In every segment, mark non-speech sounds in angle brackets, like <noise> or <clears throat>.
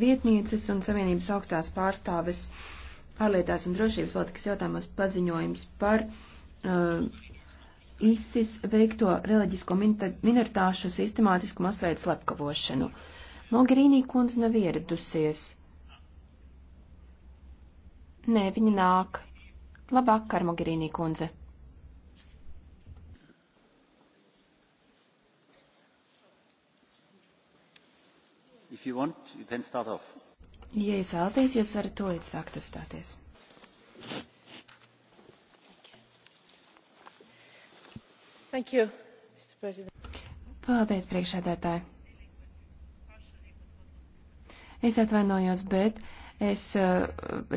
vietnieces un Savienības augstās pārstāves ārlietās un drošības politikas jautājumos paziņojums par uh, ISIS veikto reliģisko minoritāšu sistemātisku masveidu slepkavošanu. Mogherīnī kundze nav ieradusies. Nē, viņa nāk. Labvakar, Mogherīnī kundze! you want, you can start off. Ja jūs vēlaties, jūs varat tolīt sākt uzstāties. Thank you, Mr. President. Paldies, priekšsēdētāji. Es atvainojos, bet es uh,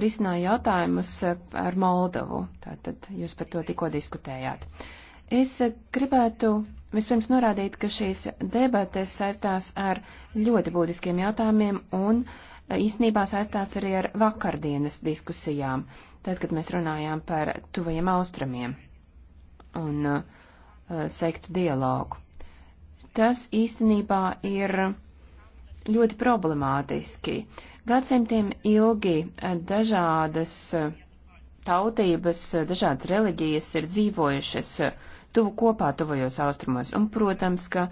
risināju jautājumus uh, ar Moldavu. Tātad jūs par to tikko diskutējāt. Uh, Es gribētu vispirms norādīt, ka šīs debates saistās ar ļoti būtiskiem jautājumiem un īstenībā saistās arī ar vakardienas diskusijām, tad, kad mēs runājām par tuvajiem austrumiem un uh, sektu dialogu. Tas īstenībā ir ļoti problemātiski. Gadsimtiem ilgi uh, dažādas uh, tautības, uh, dažādas reliģijas ir dzīvojušas uh, tuvu kopā tuvajos austrumos, un, protams, ka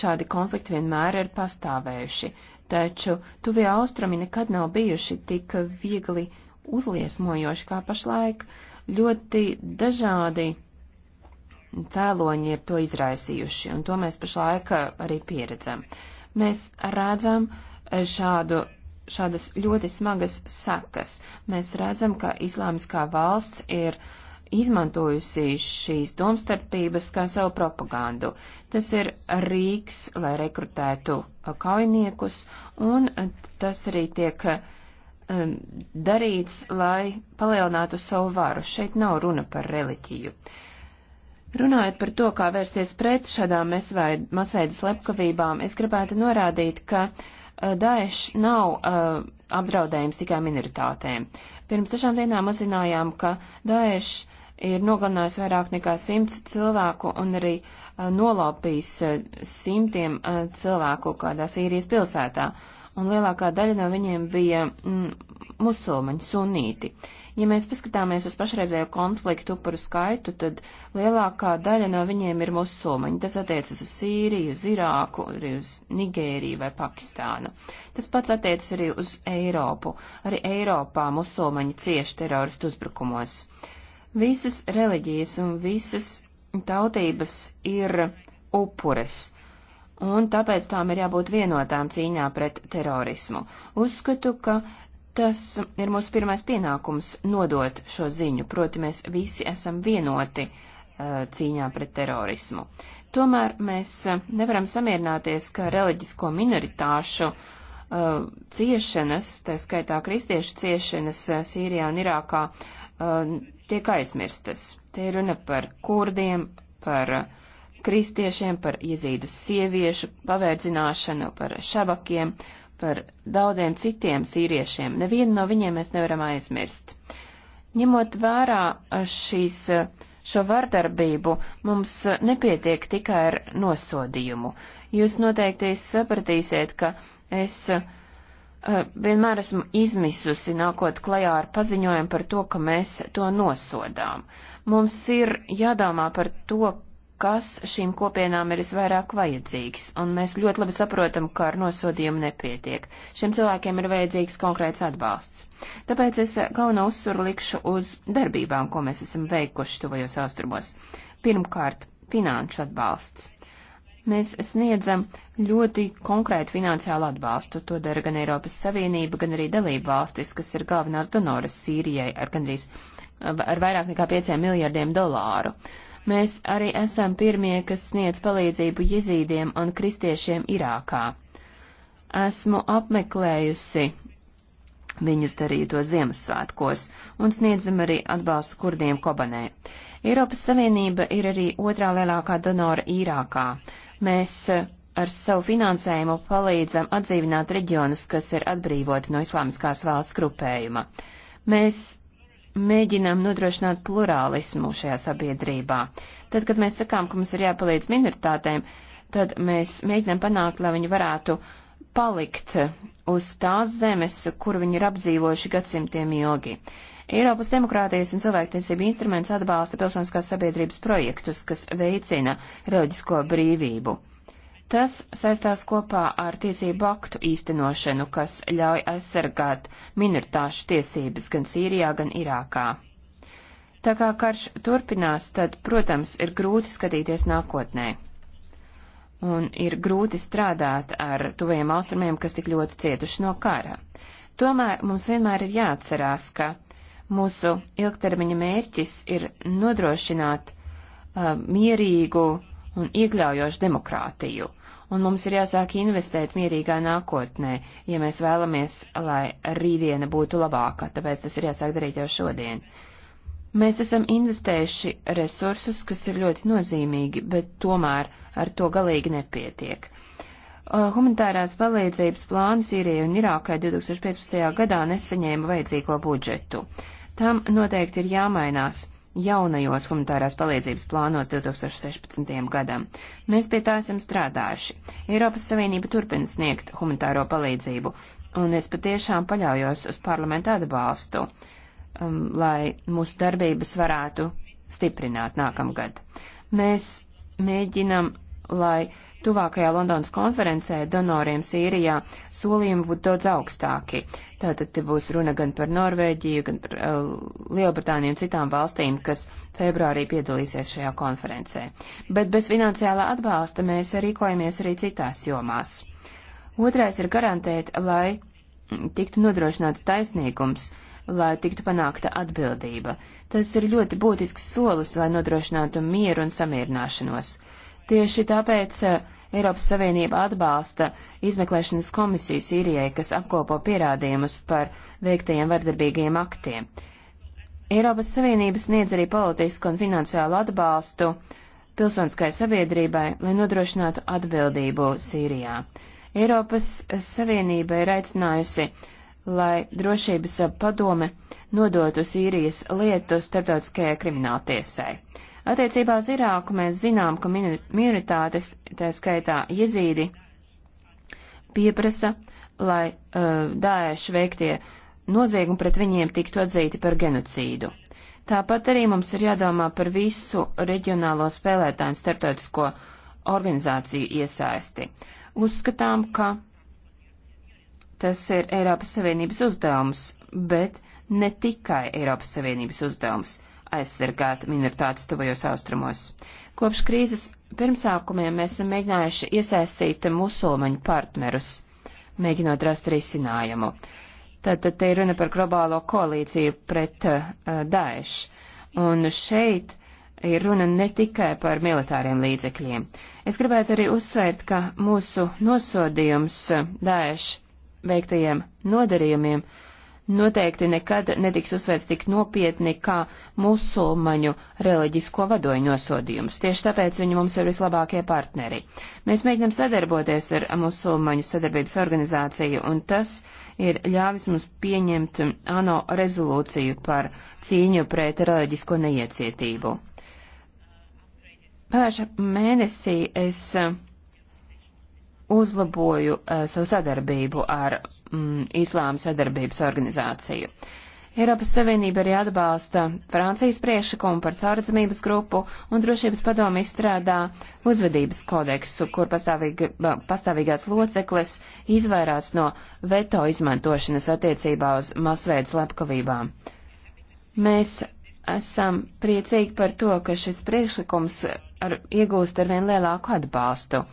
šādi konflikti vienmēr ir pastāvējuši, taču tuvie austrumi nekad nav bijuši tik viegli uzliesmojoši kā pašlaik, ļoti dažādi cēloņi ir to izraisījuši, un to mēs pašlaik arī pieredzam. Mēs redzam e, šādu šādas ļoti smagas sekas. Mēs redzam, ka islāmiskā valsts ir izmantojusi šīs domstarpības kā savu propagandu. Tas ir rīks, lai rekrutētu uh, kaujiniekus, un uh, tas arī tiek um, darīts, lai palielinātu savu varu. Šeit nav runa par reliģiju. Runājot par to, kā vērsties pret šādām masveidas lepkavībām, es gribētu norādīt, ka uh, Daesh nav uh, apdraudējums tikai minoritātēm. Pirms dažām dienām uzzinājām, ka Daesh ir nogalinājis vairāk nekā simts cilvēku un arī eh, nolaupījis eh, simtiem eh, cilvēku kādā Sīrijas pilsētā. Un lielākā daļa no viņiem bija mm, musulmaņi, sunīti. Ja mēs paskatāmies uz pašreizējo konfliktu upuru skaitu, tad lielākā daļa no viņiem ir musulmaņi. Tas attiecas uz Sīriju, uz Irāku, arī uz Nigēriju vai Pakistānu. Tas pats attiecas arī uz Eiropu. Arī Eiropā musulmaņi cieši teroristu uzbrukumos. Uh, Visas reliģijas un visas tautības ir upures, un tāpēc tām ir jābūt vienotām cīņā pret terorismu. Uzskatu, ka tas ir mūsu pirmais pienākums nodot šo ziņu, proti mēs visi esam vienoti uh, cīņā pret terorismu. Tomēr mēs uh, nevaram samierināties, ka reliģisko minoritāšu uh, ciešanas, tā skaitā kristiešu ciešanas uh, Sīrijā un Irākā, uh, tiek aizmirstas. Te ir runa par kurdiem, par uh, kristiešiem, par iezīdu sieviešu pavērdzināšanu, par šabakiem, par daudziem citiem sīriešiem. Nevienu no viņiem mēs nevaram aizmirst. Ņemot vērā uh, šīs, uh, šo vardarbību, mums nepietiek tikai ar nosodījumu. Jūs noteikti sapratīsiet, ka es uh, Eh, vienmēr esmu izmisusi nākot klajā ar paziņojumu par to, ka mēs to nosodām. Mums ir jādomā par to, kas šīm kopienām ir visvairāk vajadzīgs, un mēs ļoti labi saprotam, ka ar nosodījumu nepietiek. Šiem cilvēkiem ir vajadzīgs konkrēts atbalsts. Tāpēc es galveno uzsvaru likšu uz darbībām, ko mēs esam veikuši tuvajos austrumos. Pirmkārt, finanšu atbalsts. Mēs sniedzam ļoti konkrētu finansiālu atbalstu. To dara gan Eiropas Savienība, gan arī dalība valstis, kas ir galvenās donoras Sīrijai ar gandrīz ar vairāk nekā 5 miljardiem dolāru. Mēs arī esam pirmie, kas sniedz palīdzību jezīdiem un kristiešiem Irākā. Esmu apmeklējusi Viņus darīja to Ziemassvētkos un sniedzam arī atbalstu kurdiem Kobanē. Eiropas Savienība ir arī otrā lielākā donora Īrākā. Mēs eh, ar savu finansējumu palīdzam atdzīvināt reģionus, kas ir atbrīvoti no islāmiskās valsts grupējuma. Mēs mēģinām nodrošināt plurālismu šajā sabiedrībā. Tad, kad mēs sakām, ka mums ir jāpalīdz minoritātēm, tad mēs mēģinām panākt, lai viņi varētu palikt eh, uz tās zemes, kur viņi ir apdzīvojuši gadsimtiem ilgi. Eiropas demokrātijas un cilvēktiesība instruments atbalsta pilsoniskās sabiedrības projektus, kas veicina reliģisko brīvību. Tas saistās kopā ar tiesību aktu īstenošanu, kas ļauj aizsargāt minoritāšu tiesības gan Sīrijā, gan Irākā. Tā kā karš turpinās, tad, protams, ir grūti skatīties nākotnē. Un ir grūti strādāt ar tuviem austrumiem, kas tik ļoti cietuši no kara. Tomēr mums vienmēr ir jāatcerās, ka Mūsu ilgtermiņa mērķis ir nodrošināt uh, mierīgu un iekļaujošu demokrātiju, un mums ir jāsāk investēt mierīgā nākotnē, ja mēs vēlamies, lai rītdiena būtu labāka, tāpēc tas ir jāsāk darīt jau šodien. Mēs esam investējuši resursus, kas ir ļoti nozīmīgi, bet tomēr ar to galīgi nepietiek. Uh, humanitārās palīdzības plāns Sīrijai un Irākai 2015. gadā nesaņēma vajadzīgo budžetu. Tam noteikti ir jāmainās jaunajos humanitārās palīdzības plānos 2016. gadam. Mēs pie tā esam strādājuši. Eiropas Savienība turpina sniegt humanitāro palīdzību, un es patiešām paļaujos uz parlamentu atbalstu, um, lai mūsu darbības varētu stiprināt nākamgad. Mēs mēģinam, lai uh, Tuvākajā Londonas konferencē donoriem Sīrijā solījumi būtu daudz augstāki. Tātad te būs runa gan par Norvēģiju, gan par uh, Lielbritāniju un citām valstīm, kas februārī piedalīsies šajā konferencē. Bet bez finansiālā atbalsta mēs rīkojamies arī citās jomās. Otrais ir garantēt, lai tiktu nodrošināts taisnīgums lai tiktu panākta atbildība. Tas ir ļoti būtisks solis, lai nodrošinātu mieru un samierināšanos. Tieši tāpēc eh, Eiropas Savienība atbalsta izmeklēšanas komisiju Sīrijai, kas apkopo pierādījumus par veiktajiem vardarbīgiem aktiem. Eiropas Savienība sniedz arī politisku un finansiālu atbalstu pilsoniskai sabiedrībai, lai nodrošinātu atbildību Sīrijā. Eiropas Savienība ir aicinājusi, lai drošības padome nodotu Sīrijas lietu starptautiskajai krimināltiesai. Attiecībā uz Irāku mēs zinām, ka minoritātes, tā skaitā jezīdi, pieprasa, lai uh, Dāēši veiktie noziegumi pret viņiem tiktu atzīti par genocīdu. Tāpat arī mums ir jādomā par visu reģionālo spēlētāju starptautisko organizāciju iesaisti. Uzskatām, ka tas ir Eiropas Savienības uzdevums, bet ne tikai Eiropas Savienības uzdevums aizsargāt minoritātes tuvajos austrumos. Kopš krīzes pirmsākumiem mēs esam mēģinājuši iesaistīt musulmaņu partnerus, mēģinot rast risinājumu. Tātad te ir runa par globālo koalīciju pret uh, Daesh. Un šeit ir runa ne tikai par militāriem līdzekļiem. Es gribētu arī uzsvērt, ka mūsu nosodījums eh, Daesh veiktajiem nodarījumiem uh, noteikti nekad netiks uzsvērts tik nopietni kā musulmaņu reliģisko vadoņu nosodījums. Tieši tāpēc viņi mums ir vislabākie partneri. Mēs mēģinam sadarboties ar musulmaņu sadarbības organizāciju, un tas ir ļāvis mums pieņemt ANO rezolūciju par cīņu pret reliģisko neiecietību. Pagājušā mēnesī es uh, uzlaboju uh, savu sadarbību ar mm, Islāma sadarbības organizāciju. Eiropas Savienība arī atbalsta Francijas priekšlikumu par caurredzamības grupu un drošības padomu izstrādā uzvedības kodeksu, kur pastāvīga, pastāvīgās locekles izvairās no veto izmantošanas attiecībā uz masveidas lepkavībām. Mēs esam priecīgi par to, ka šis priekšlikums ar, iegūst arvien lielāku atbalstu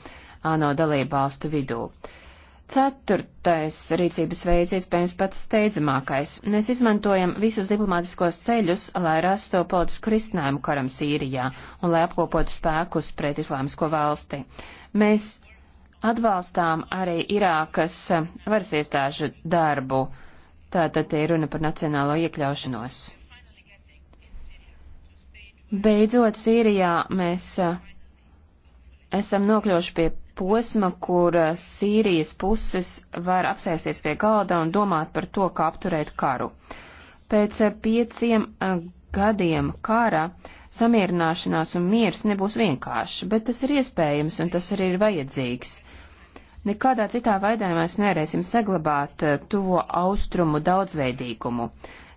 ANO dalību valstu vidū. Ceturtais rīcības veids, iespējams pats steidzamākais. Mēs izmantojam visus diplomātiskos ceļus, lai rastu politisku risinājumu karam Sīrijā un lai apkopotu spēkus pret islāmisko valsti. Mēs atbalstām arī Irākas varas iestāžu darbu, tātad te ir runa par nacionālo iekļaušanos. Beidzot, Sīrijā mēs eh, esam nokļuvuši pie posma, kur eh, Sīrijas puses var apsēsties pie galda un domāt par to, kā apturēt karu. Pēc eh, pieciem eh, gadiem kara samierināšanās un miers nebūs vienkārši, bet tas ir iespējams un tas arī ir vajadzīgs. Nekādā citā veidā mēs nevarēsim saglabāt tuvo austrumu daudzveidīgumu.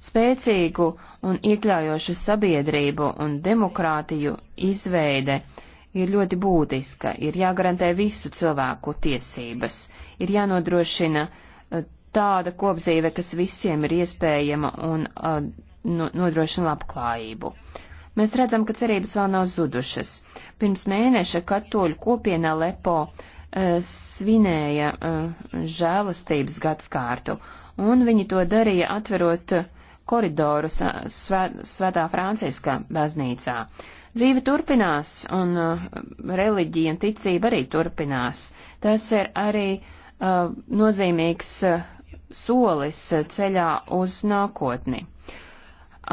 Spēcīgu un iekļaujošu sabiedrību un demokrātiju izveide uh, ir ļoti būtiska. Ir jāgarantē visu cilvēku tiesības. Ir jānodrošina eh, tāda kopzīve, kas visiem ir iespējama un uh, nodrošina labklājību. Mēs redzam, ka cerības vēl nav zudušas. Pirms mēneša katoļu kopiena Lepo uh, svinēja uh, žēlastības gadskārtu, un viņi to darīja atverot koridorus svē, Svētā Franciska baznīcā. Uh, Dzīve turpinās, un uh, reliģija un ticība arī turpinās. Tas ir arī uh, nozīmīgs uh, solis uh, ceļā uz nākotni.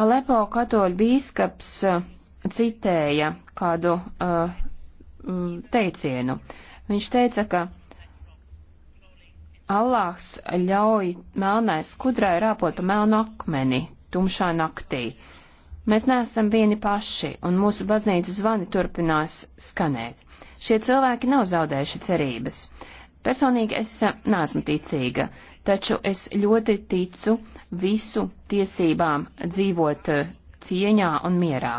Alepo katoļu bīskaps uh, citēja kādu uh, teicienu. Viņš teica, ka Allāhs ļauj melnai skudrai rāpot pa melnu akmeni tumšā naktī. Uh, Mēs neesam vieni paši, un mūsu baznīcas zvani turpinās skanēt. Šie cilvēki nav zaudējuši cerības. Personīgi es eh, neesmu ticīga, taču es ļoti ticu visu tiesībām dzīvot eh, cieņā un mierā.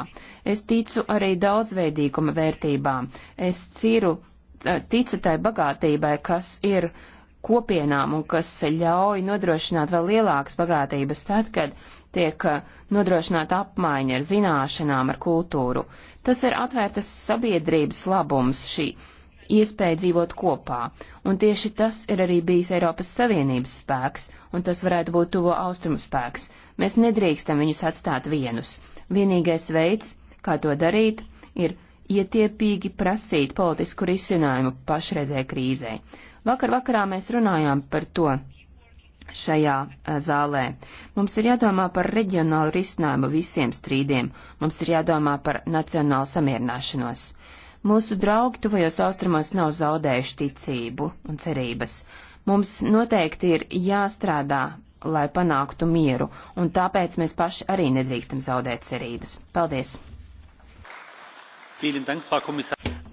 Es ticu arī daudzveidīguma vērtībām. Es ciru, eh, ticu tai bagātībai, kas ir kopienām un kas ļauj nodrošināt vēl lielākas bagātības tad, kad tiek eh, nodrošināta apmaiņa ar zināšanām, ar kultūru. Tas ir atvērtas sabiedrības labums, šī iespēja dzīvot kopā, un tieši tas ir arī bijis Eiropas Savienības spēks, un tas varētu būt tuvo austrumu spēks. Mēs nedrīkstam viņus atstāt vienus. Vienīgais veids, kā to darīt, ir ietiepīgi prasīt politisku risinājumu pašreizē krīzē. Vakar vakarā mēs runājām par to, šajā eh, zālē. Mums ir jādomā par reģionālu risinājumu visiem strīdiem, mums ir jādomā par nacionālu samierināšanos. Mūsu draugi tuvajos austrumos nav zaudējuši ticību un cerības. Mums noteikti ir jāstrādā, lai panāktu mieru, un tāpēc mēs paši arī nedrīkstam zaudēt cerības. Paldies!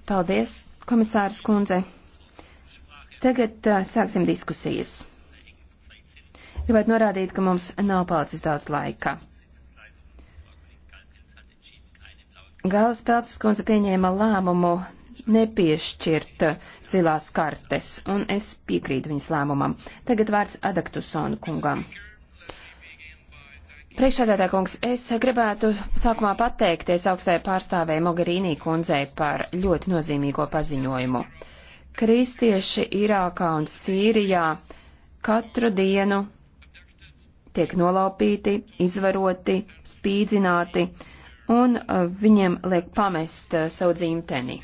Paldies, komisārs kundze! Tagad uh, sāksim diskusijas. Gribētu norādīt, ka mums nav palicis daudz laika. Gāles Peltas kundze pieņēma lēmumu nepiešķirt zilās kartes, un es piekrītu viņas lēmumam. Tagad vārds Adaktusonu kungam. Priekšsēdētā kungs, es gribētu sākumā pateikties augstajai pārstāvēji Mogherīnī kundzei par ļoti nozīmīgo paziņojumu. Kristieši Irākā un Sīrijā katru dienu tiek nolaupīti, izvaroti, spīdzināti, un uh, viņiem liek pamest uh, savu dzimteni.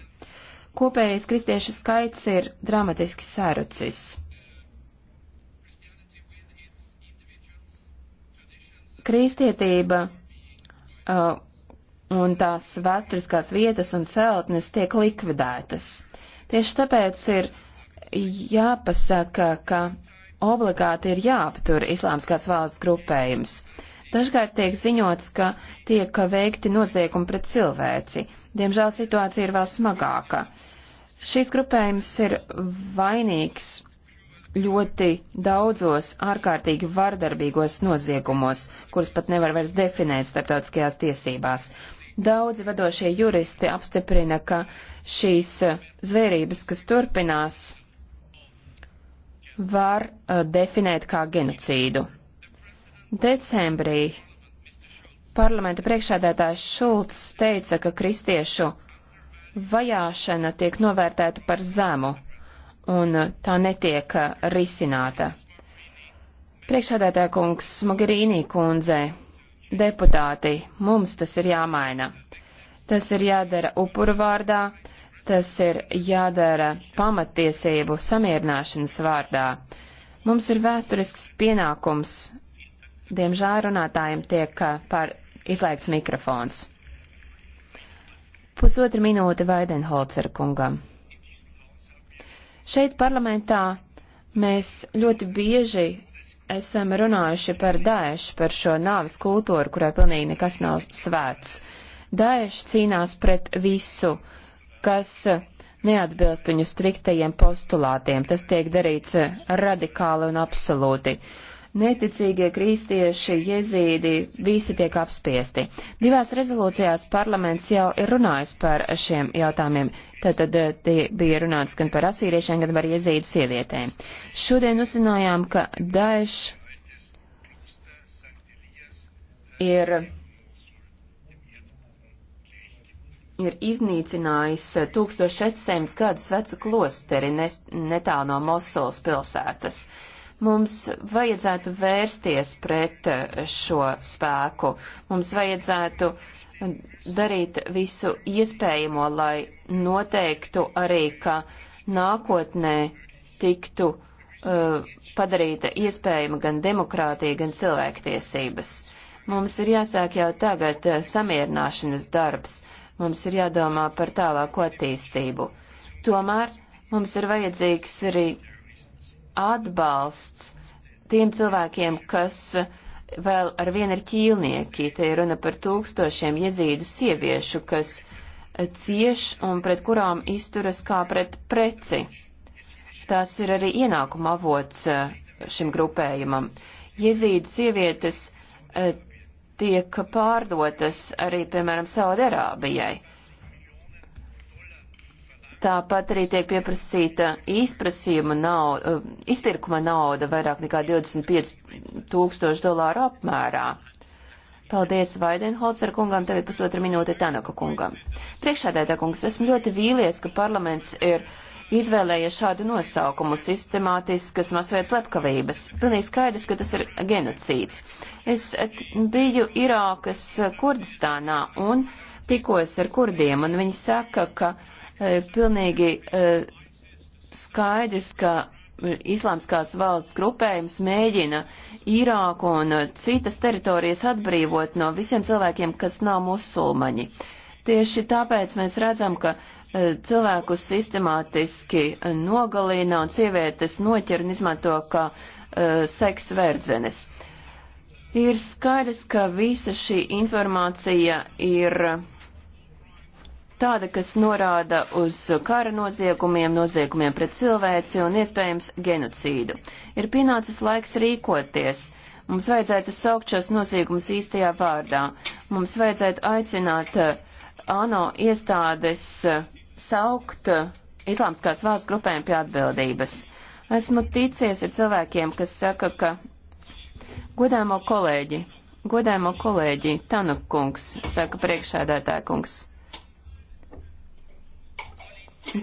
Kopējais kristiešu skaits ir dramatiski sērucis. Kristietība uh, un tās vēsturiskās vietas un celtnes tiek likvidētas. Tieši tāpēc ir jāpasaka, ka obligāti ir jāaptur islāmskās valsts grupējums. Dažkārt tiek ziņots, ka tiek veikti noziegumi pret cilvēci. Diemžēl situācija ir vēl smagāka. Šīs grupējums ir vainīgs ļoti daudzos ārkārtīgi vardarbīgos noziegumos, kurus pat nevar vairs definēt starptautiskajās tiesībās. Daudzi vadošie juristi apstiprina, ka šīs zvērības, kas turpinās, var uh, definēt kā genocīdu. Decembrī parlamenta priekšādētājs Šulcs teica, ka kristiešu vajāšana tiek novērtēta par zemu un eh, tā netiek eh, risināta. Priekšādētāja kungs Mogherīnī kundze, deputāti, mums tas ir jāmaina. Tas ir jādara upuru vārdā, Tas ir jādara pamatiesību samierināšanas vārdā. Mums ir vēsturisks pienākums. Diemžēl runātājiem tiek par izlaikts mikrofons. Pusotra minūte Vaidenholcer kungam. Šeit parlamentā mēs ļoti bieži esam runājuši par Daešu, par šo nāvis kultūru, kurai pilnīgi nekas nav svēts. Daeša cīnās pret visu, kas neatbilst viņu striktajiem postulātiem. Tas tiek darīts radikāli un absolūti. Neticīgie kristieši, jezīdi, visi tiek apspiesti. Divās rezolūcijās parlaments jau ir runājis par šiem jautājumiem. Tātad eh, tie bija runāts gan par asīriešiem, gan par jezīdu sievietēm. Šodien uzzinājām, ka Daesh ir ir iznīcinājis 1600 eh, gadus vecu klosteri netālu no Mosulas pilsētas. Mums vajadzētu vērsties pret eh, šo spēku. Mums vajadzētu eh, darīt visu iespējamo, lai noteiktu arī, ka nākotnē tiktu uh, padarīta iespējama gan demokrātija, gan cilvēktiesības. Mums ir jāsāk jau tagad samierināšanas darbs, mums ir jādomā par tālāku attīstību. Tomēr mums ir vajadzīgs arī atbalsts tiem cilvēkiem, kas vēl ar vienu ir ķīlnieki. Te ir runa par tūkstošiem jezīdu sieviešu, kas cieš un pret kurām izturas kā pret preci. Tās ir arī ienākuma avots eh, šim grupējumam. Jezīdu sievietes eh, tiek pārdotas arī, piemēram, Saudarābijai. Tāpat arī tiek pieprasīta izprasījuma nauda, eh, izpirkuma nauda vairāk nekā 25 tūkstoši dolāru apmērā. Paldies Vaidenholzer kungam, tagad pusotra minūte Tanaka kungam. Priekšādētā kungs, esmu ļoti vīlies, ka parlaments ir izvēlējies šādu nosaukumu - sistemātiskas masveids slepkavības. Pilnīgi skaidrs, ka tas ir genocīds. Es biju Irākas Kurdistānā un tikos ar kurdiem, un viņi saka, ka e, pilnīgi e, skaidrs, ka e, islāmskās valsts grupējums mēģina Irāku un citas teritorijas atbrīvot no visiem cilvēkiem, kas nav musulmaņi. Tieši tāpēc mēs redzam, ka cilvēkus sistemātiski nogalina un sievietes noķer un izmanto kā uh, seks verdzenes. Ir skaidrs, ka visa šī informācija ir tāda, kas norāda uz kara noziegumiem, noziegumiem pret cilvēci un iespējams genocīdu. Ir pienācis laiks rīkoties. Mums vajadzētu saukt šos noziegumus īstajā vārdā. Mums vērdā. vajadzētu aicināt e, ANO iestādes e, saukt eh, islāmskās valsts grupēm pie atbildības. Esmu ticies ar cilvēkiem, kas saka, ka godāmo kolēģi, godāmo kolēģi, Tanukungs, saka priekšādātākungs.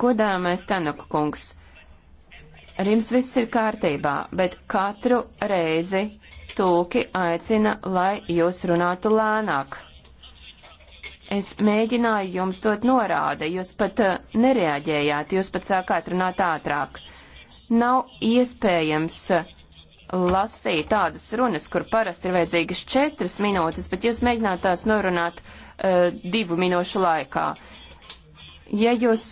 Godāmais Tanukungs, ar jums viss ir kārtībā, bet katru reizi tulki aicina, lai jūs runātu lēnāk. Es mēģināju jums dot norāde, jūs pat uh, nereaģējāt, jūs pat sākāt runāt ātrāk. Nav iespējams uh, lasīt tādas runas, kur parasti ir vajadzīgas četras minūtes, bet jūs mēģināt tās norunāt uh, divu minūšu laikā. Ja jūs,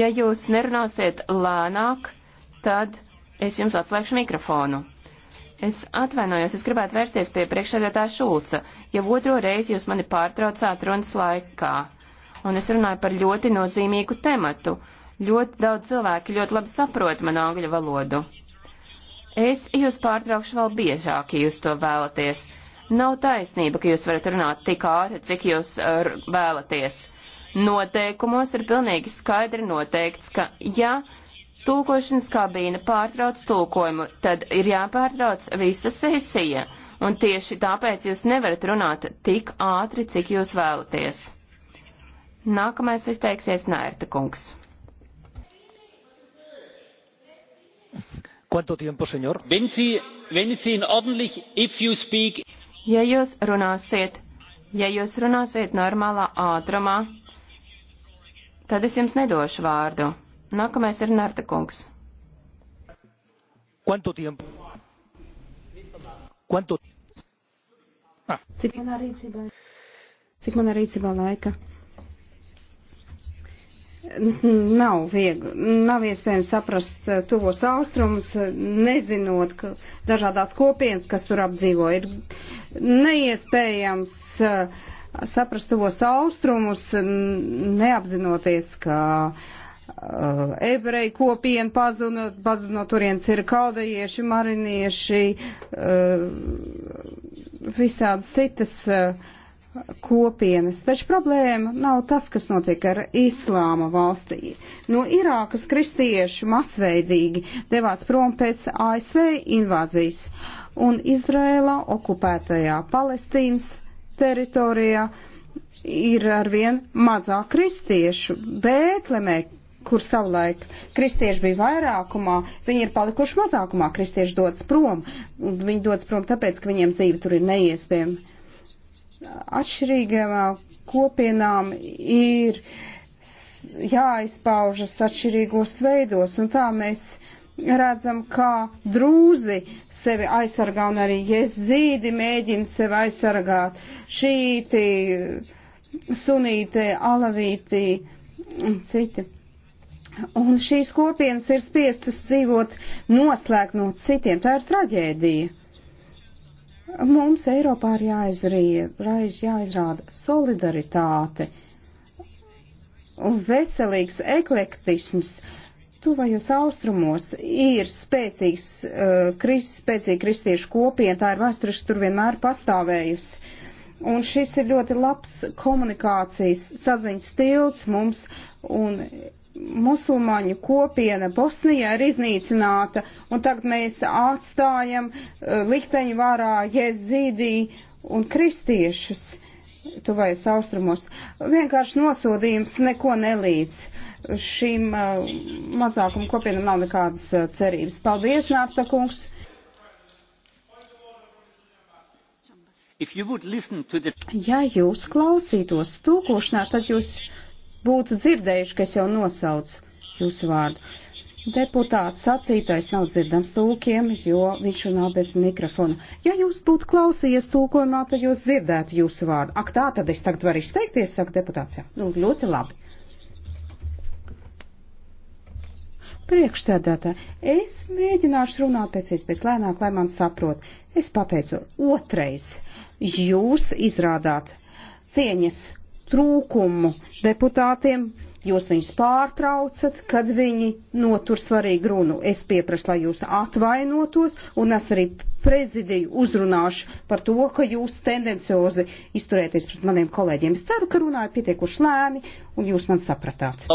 ja jūs nerunāsiet lēnāk, tad es jums atslēgšu mikrofonu. Es atvainojos, es gribētu vērsties pie priekšsēdētāja Šulca. Jau otro reizi jūs mani pārtraucāt runas laikā, un es runāju par ļoti nozīmīgu tematu. Ļoti daudz cilvēki ļoti labi saprot manu angļu valodu. Es jūs pārtraukšu vēl biežāk, ja jūs to vēlaties. Nav taisnība, ka jūs varat runāt tik ātri, cik jūs uh, vēlaties. Noteikumos ir pilnīgi skaidri noteikts, ka ja tulkošanas kabīne pārtrauc tulkojumu, tad ir jāpārtrauc visa sesija. Un tieši tāpēc jūs nevarat runāt tik ātri, cik jūs vēlaties. Nākamais izteiksies Nērta kungs. Tiempo, wenn Sie, wenn Sie ordentlich, if you speak... Ja jūs runāsiet, ja jūs runāsiet normālā ātrumā, tad es jums nedošu vārdu. Nākamais ir Nārta kungs. Quanto tiempo? Quanto... Ah. Cik manā rīcībā, cik manā rīcībā laika? Nav viegli, nav iespējams saprast eh, tuvos austrumus, nezinot, ka dažādās kopienas, kas tur apdzīvo, ir neiespējams eh, saprast tuvos austrumus, neapzinoties, ka uh, uh, ebreju kopiena pazuda, pazuda no turienes ir kaldajieši, marinieši, uh, visādas citas uh, kopienas. Taču problēma nav tas, kas notiek ar islāma valstī. No Irākas kristieši masveidīgi devās prom pēc ASV invāzijas un Izrēla okupētajā Palestīnas teritorijā ir arvien mazāk kristiešu. Bētlemē kur savulaik kristieši bija vairākumā, viņi ir palikuši mazākumā, kristieši dodas prom, viņi dodas prom tāpēc, ka viņiem dzīve tur ir neiespējama. Atšķirīgām kopienām ir jāizpaužas atšķirīgos veidos, un tā mēs redzam, kā drūzi sevi aizsargā, un arī jezīdi mēģina sevi aizsargāt, šīti, sunīti, alavīti un citi. Un šīs kopienas ir spiestas dzīvot noslēgt no citiem. Tā ir traģēdija. Mums Eiropā ir jāizrāda, jāizrāda solidaritāte un veselīgs eklektisms. Tuvajos austrumos ir spēcīgs, uh, kris, spēcīga kristiešu kopiena, tā ir vēsturiski tur vienmēr pastāvējusi. Un šis ir ļoti labs komunikācijas saziņas tilts mums, un musulmaņu kopiena Bosnijā ir iznīcināta, un tagad mēs atstājam uh, eh, likteņu vārā jezīdī un kristiešus tuvajos austrumos. Vienkārši nosodījums neko nelīdz. Šīm uh, eh, mazākuma kopienam nav nekādas uh, cerības. Paldies, Nārta kungs! The... Ja jūs klausītos tūkošanā, tad jūs būtu dzirdējuši, ka es jau nosaucu jūsu vārdu. Deputāts sacītais nav dzirdams tūkiem, jo viņš runā bez mikrofona. Ja jūs būtu klausījies tūkojumā, tad jūs dzirdētu jūsu vārdu. Ak, tā tad es tagad varu izteikties, saka deputāts. Jā, nu, ļoti labi. Priekšsēdētāji, es mēģināšu runāt pēc iespējas lēnāk, lai man saprot. Es pateicu, otrais, jūs izrādāt cieņas trūkumu deputātiem. Jūs viņus pārtraucat, kad viņi notur svarīgu runu. Es pieprasu, lai jūs atvainotos, un es arī prezidiju uzrunāšu par to, ka jūs tendenciozi izturēties pret maniem kolēģiem. Es ceru, ka runāju pietiekuši lēni, un jūs man sapratāt.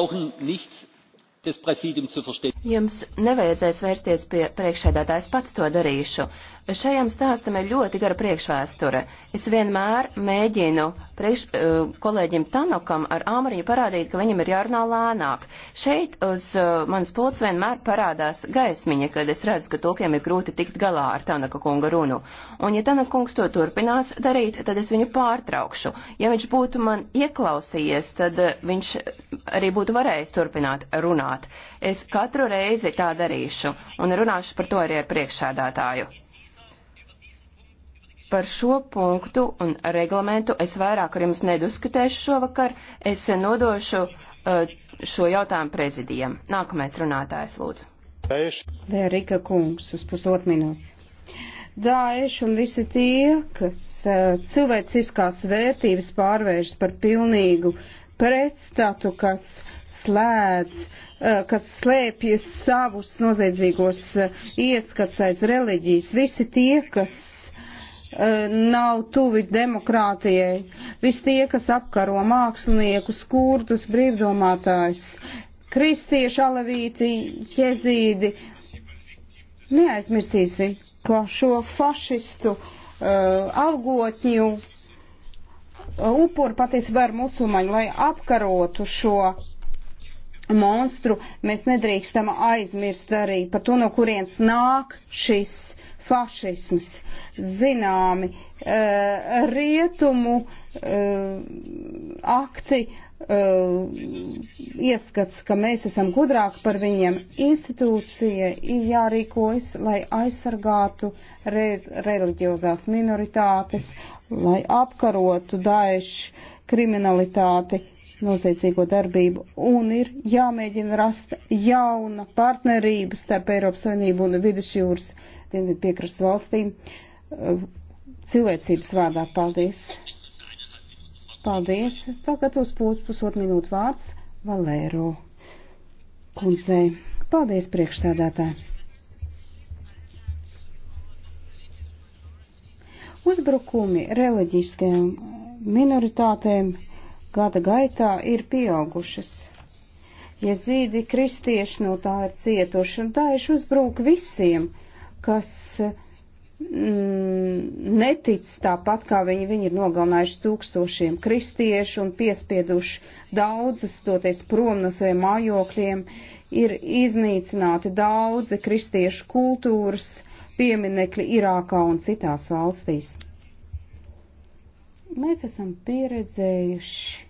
Jums nevajadzēs vērsties pie priekšēdētājas, pats to darīšu. Šajam stāstam ir ļoti gara priekšvēsture. Es vienmēr mēģinu priekš, uh, kolēģim Tanokam ar āmariņu parādīt, ka viņam ir jārunā lēnāk. Šeit uz uh, manas pults vienmēr parādās gaismiņa, kad es redzu, ka tokiem ir grūti tikt galā ar Tanaka kunga runu. Un ja Tanaka kungs to turpinās darīt, tad es viņu pārtraukšu. Ja viņš būtu man ieklausījies, tad uh, viņš arī būtu varējis turpināt runāt. Es katru reizi tā darīšu un runāšu par to arī ar priekšsēdātāju. Par šo punktu un reglamentu es vairāk ar jums neduskatēšu šovakar. Es nodošu uh, šo jautājumu prezidijam. Nākamais runātājs lūdzu. Lērika kungs uz pusotru minūti. Dāeši un visi tie, kas uh, cilvēciskās vērtības pārvēršas par pilnīgu pretstatu, kas slēdz, uh, kas slēpjas savus noziedzīgos uh, ieskats aiz reliģijas, visi tie, kas nav tuvi demokrātijai. Visi tie, kas apkaro māksliniekus, kurdus, brīvdomātājs, kristieši, alavīti, jezīdi, neaizmirsīsi, ka šo fašistu uh, algotņu uh, upuri patiesībā ir musulmaņi, lai apkarotu šo monstru, mēs nedrīkstam aizmirst arī par to, no kurienes nāk šis fašisms. Zināmi, eh, rietumu eh, akti eh, ieskats, ka mēs esam gudrāki par viņiem. Institūcija ir jārīkojas, lai aizsargātu re reliģiozās minoritātes, lai apkarotu daešu kriminalitāti, noziedzīgo darbību, un ir jāmēģina rast jauna partnerības starp Eiropas Savienību un Vidusjūras piekrastes valstīm eh, cilvēcības vārdā. Paldies! Paldies! Tagad uz pusotru minūtu vārds Valēro kundzei. Paldies, priekšsēdētāji! Uzbrukumi reliģiskajām minoritātēm gada gaitā ir pieaugušas. Ja zīdi kristieši no tā ir cietuši, un tā ir uzbruk visiem kas mm, netic tāpat, kā viņi, viņi ir nogalinājuši tūkstošiem kristiešu un piespieduši daudzus doties prom no saviem mājokļiem, ir iznīcināti daudzi kristiešu kultūras pieminekļi Irākā un citās valstīs. Mēs esam pieredzējuši,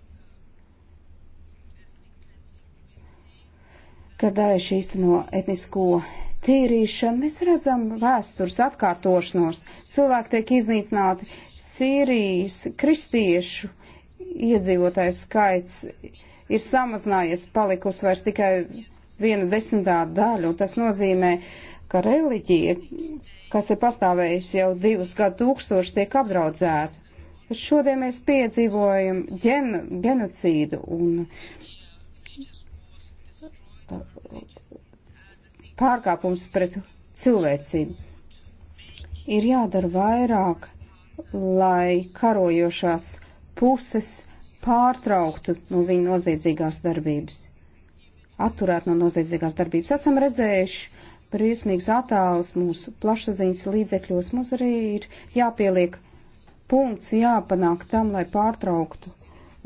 ka daži īsteno etnisko tīrīšana, mēs redzam vēstures atkārtošanos. Cilvēki tiek iznīcināti, Sīrijas kristiešu iedzīvotāju skaits ir samazinājies, palikusi vairs tikai viena desmitā daļa, un tas nozīmē, ka reliģija, kas ir pastāvējusi jau divus gadu tūkstoši, tiek apdraudzēta. Bet šodien mēs piedzīvojam gen, genocīdu un pārkāpums pret cilvēcību. Ir jādara vairāk, lai karojošās puses pārtrauktu no viņa noziedzīgās darbības. Atturēt no noziedzīgās darbības esam redzējuši briesmīgs attēls mūsu plašsaziņas līdzekļos. Mums arī ir jāpieliek punkts, jāpanāk tam, lai pārtrauktu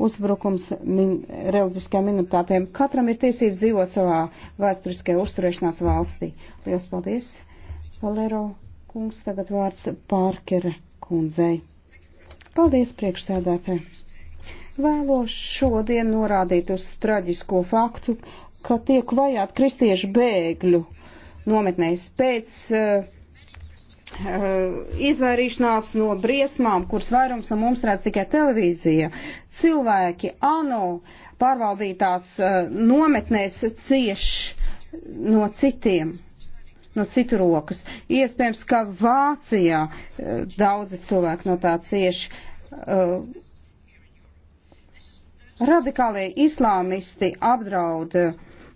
uzbrukums min, reliģiskajām minoritātēm. Katram ir tiesības dzīvot savā vēsturiskajā uzturēšanās valstī. Lielas paldies, Valero kungs, tagad vārds Pārkera kundzei. Paldies, priekšsēdētāji! Vēlos šodien norādīt uz traģisko faktu, ka tiek vajāt kristiešu bēgļu nometnēs pēc uh, Eh, izvairīšanās no briesmām, kuras vairums no mums redz tikai televīzija. Cilvēki ANO pārvaldītās eh, nometnēs cieš no citiem, no citu rokas. Iespējams, ka Vācijā eh, daudzi cilvēki no tā cieši. Radikālie islāmisti apdraud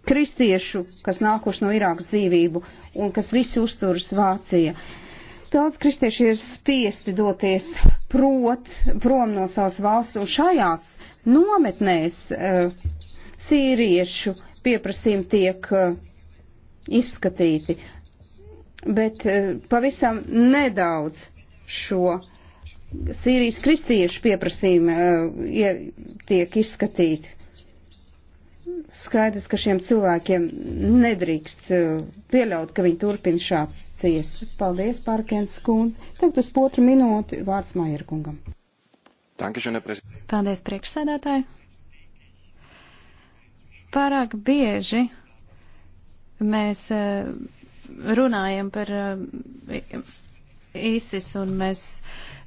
kristiešu, kas nākuši no Irākas dzīvību un kas visi uzturas Vācija. Uh, Daudz kristieši ir spiesti doties prot, prom no savas valsts, un šajās nometnēs uh, sīriešu pieprasījumi tiek uh, izskatīti, bet uh, pavisam nedaudz šo Sīrijas kristiešu pieprasījumu uh, tiek izskatīti skaidrs, ka šiem cilvēkiem nedrīkst eh, pieļaut, ka viņi turpina šāds ciest. Paldies, Pārkens kundze. Tagad uz potru minūti vārds Mājerkungam. Paldies, priekšsēdētāji. Pārāk bieži mēs eh, runājam par eh, ISIS un mēs,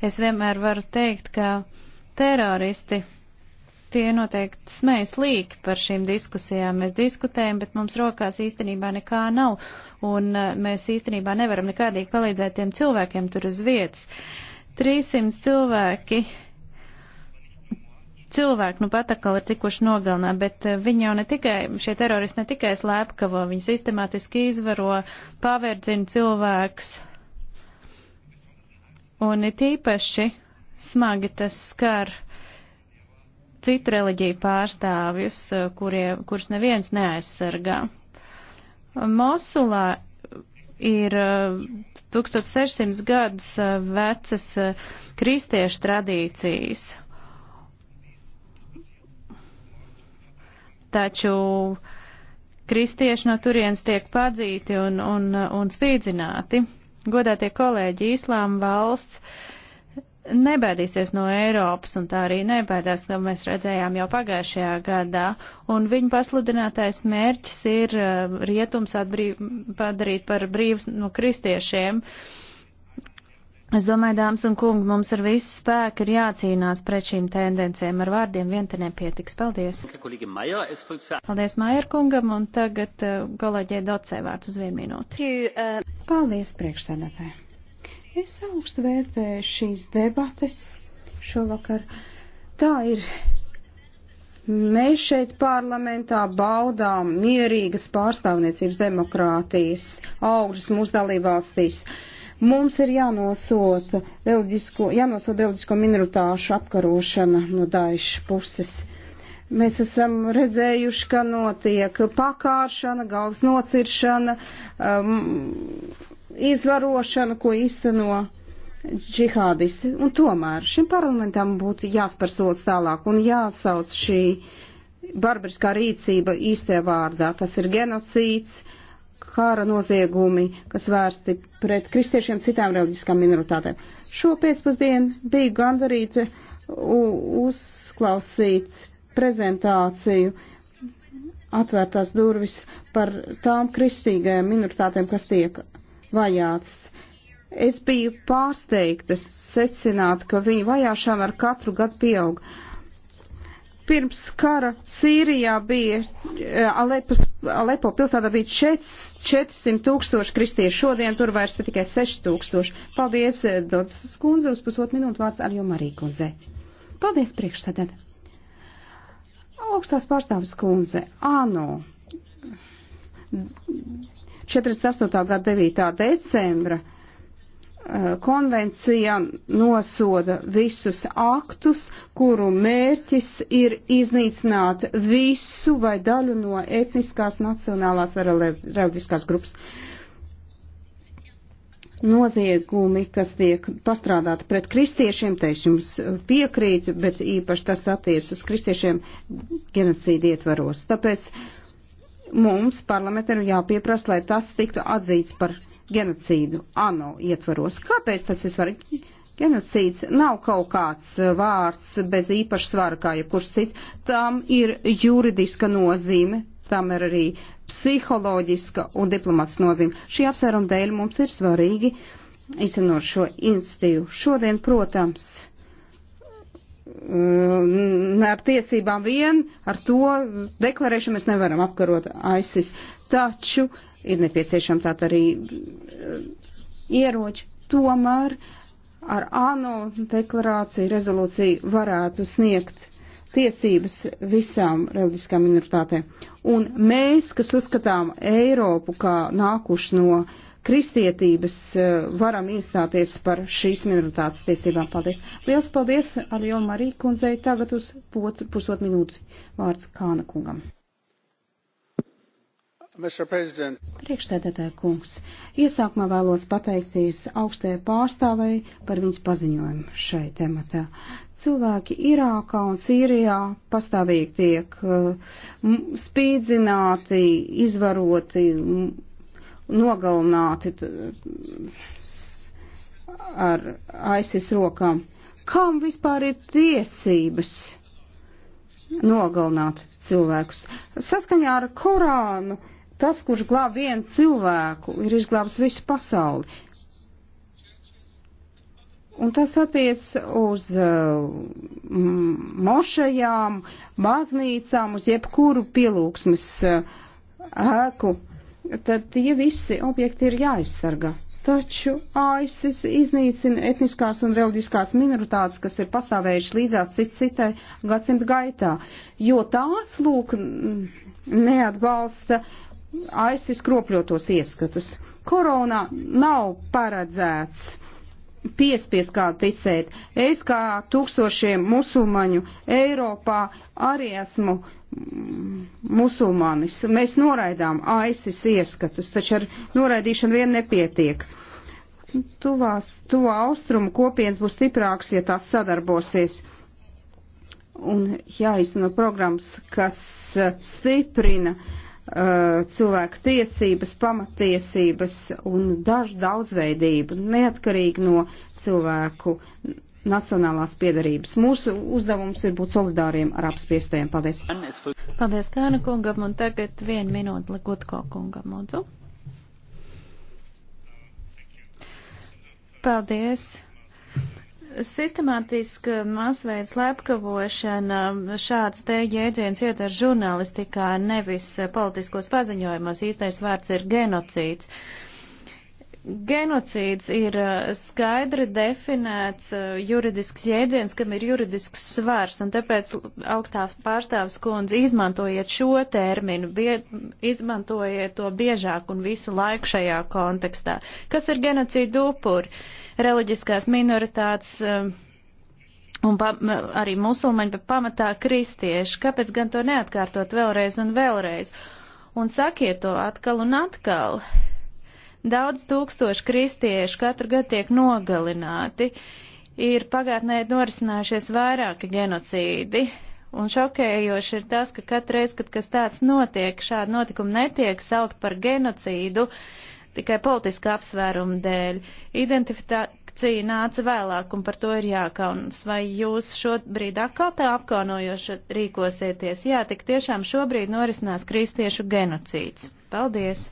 es vienmēr varu teikt, ka teroristi tie noteikti smējas līk par šīm diskusijām. Mēs diskutējam, bet mums rokās īstenībā nekā nav, un eh, mēs īstenībā nevaram nekādīgi palīdzēt tiem cilvēkiem tur uz vietas. 300 cilvēki cilvēki nu pat atkal ir tikuši nogalnā, bet eh, viņi jau ne tikai, šie teroristi ne tikai slēpkavo, viņi sistemātiski izvaro, pavērdzina cilvēkus. Un it īpaši smagi tas skar citu reliģiju pārstāvjus, eh, kurie, kurus neviens neaizsargā. Mosulā ir 1600 eh, gadus eh, vecas kristiešu tradīcijas. Taču kristieši no turienes tiek padzīti un, un, un spīdzināti. Godātie kolēģi, Īslāma valsts uh, nebaidīsies no Eiropas, un tā arī nebaidās, ka mēs redzējām jau pagājušajā gadā, un viņa pasludinātais mērķis ir uh, rietums atbrīv, padarīt par brīvs no kristiešiem. Es domāju, dāmas un kungi, mums ar visu spēku ir jācīnās pret šīm tendencēm. Ar vārdiem vien te nepietiks. Paldies. Paldies Maier kungam, un tagad uh, kolēģei Docē vārds uz vienu minūti. Uh- Paldies priekšsēdētāji. Es augstu vērtēju šīs debates šovakar. Tā ir. Mēs šeit parlamentā baudām mierīgas pārstāvniecības demokrātijas augļus mūsu dalībvalstīs. Mums ir jānosota reliģisko, jānosot reliģisko minoritāšu apkarošana no daiša puses. Mēs esam redzējuši, ka notiek pakāršana, galvas nociršana. Um, izvarošanu, ko izteno džihādisti. Un tomēr šim parlamentam būtu jāspēr solis tālāk un jāatsauc šī barbariskā rīcība īstajā vārdā. Tas ir genocīds, kāra noziegumi, kas vērsti pret kristiešiem citām reliģiskām minoritātēm. Šo pēcpusdienu biju gandarīta uzklausīt prezentāciju atvērtās durvis par tām kristīgajām minoritātēm, kas tiek vajāts. Es biju pārsteigta secināt, ka viņa vajāšana ar katru gadu pieaug. Pirms kara Sīrijā bija eh, Alepas, Alepo pilsētā bija 400 tūkstoši kristieši, šodien tur vairs ir tikai 6 tūkstoši. Paldies, eh, Dodas kundze, uz pusotru minūtu vārds ar jums arī kundze. Paldies, priekšsēdētāji. Augstās pārstāvis kundze, ANO 48. gada 9. decembra eh, konvencija nosoda visus aktus, kuru mērķis ir iznīcināt visu vai daļu no etniskās, nacionālās vai reliģiskās grupas. Noziegumi, kas tiek pastrādāti pret kristiešiem, te es jums piekrītu, bet īpaši tas attiec uz kristiešiem genocīdi ietvaros. Tāpēc uh, mums parlamentam ir jāpieprasa, lai tas tiktu atzīts par genocīdu ANO ietvaros. Kāpēc tas ir svarīgi? Genocīds nav kaut kāds eh, vārds bez īpaša svara, kā jebkurš cits. Tam ir juridiska nozīme, tam ir arī psiholoģiska un diplomats nozīme. Šī apsvēruma dēļ mums ir svarīgi izsanot šo institīvu. Šodien, protams, Mm, ar tiesībām vien, ar to deklarēšanu mēs nevaram apkarot ISIS. Taču ir nepieciešama tāda arī mm, ieroči. Tomēr ar ANO deklarāciju, rezolūciju varētu sniegt tiesības visām reliģiskām minoritātēm. Un mēs, kas uzskatām Eiropu kā nākuši no uh, kristietības eh, varam iestāties par šīs minoritātes tiesībām. Paldies! Liels paldies ar jau Mariju kundzei tagad uz pusot minūti vārds Kāna kungam. Priekšsēdētāja kungs, iesākumā vēlos pateikties augstajai pārstāvēji par viņas paziņojumu šai tematā. Cilvēki Irākā un Sīrijā pastāvīgi tiek uh, spīdzināti, izvaroti, nogalināti ar aizsis rokām. Kam vispār ir tiesības nogalināt cilvēkus? Saskaņā ar Korānu tas, kurš glāb vienu cilvēku, ir izglābs visu pasauli. Un tas attiec uz uh, mošajām, baznīcām, uz jebkuru pielūgsmes uh, ēku. Uh, tad tie visi objekti ir jāaizsarga. Taču ASIS iznīcina etniskās un reliģiskās minoritātes, kas ir pastāvējušas līdzās cit citai gadsimta gaitā, jo tās, lūk, neatbalsta ASIS kropļotos ieskatus. Korona nav paredzēts piespies kādu ticēt. Es kā tūkstošiem musulmaņu Eiropā arī esmu musulmanis. Mēs noraidām ASIS ieskatus, taču ar noraidīšanu vien nepietiek. Tuvās, tuvā austrumu kopienas būs stiprāks, ja tās sadarbosies. Un jāizteno programmas, kas stiprina uh, Uh, cilvēku tiesības, pamatiesības un dažu daudzveidību, neatkarīgi no cilvēku nacionālās piedarības. Mūsu uzdevums ir būt solidāriem ar apspiestajiem. Paldies. Paldies Kāna kungam un tagad vienu minūti Legutko kungam, lūdzu. Paldies. Sistemātiska masveida slepkavošana šāds te jēdziens iet ar žurnālistikā, nevis politiskos paziņojumos. Īstais vārds ir genocīds. Genocīds ir uh, skaidri definēts uh, juridisks jēdziens, kam ir juridisks svars, un tāpēc augstā pārstāvs kundze izmantojiet šo terminu, bie, izmantojiet to biežāk un visu laiku šajā kontekstā. Kas ir genocīda upuri? Uh, reliģiskās minoritātes um, un pa, arī musulmaņi, bet pamatā kristieši. Kāpēc gan to neatkārtot vēlreiz un vēlreiz? Un sakiet to atkal un atkal. Daudz tūkstoši kristiešu katru gadu tiek nogalināti. Ir pagātnē norisinājušies vairāki genocīdi, Un šokējoši ir tas, ka katreiz, kad kas tāds notiek, šādi notikumi netiek saukt par genocīdu, tikai politiska apsvēruma dēļ. Identifikācija nāca vēlāk, un par to ir jākaunas. Vai jūs šobrīd atkal tā apkaunojoši rīkosieties? Jā, tik tiešām šobrīd norisinās kristiešu genocīds. Paldies!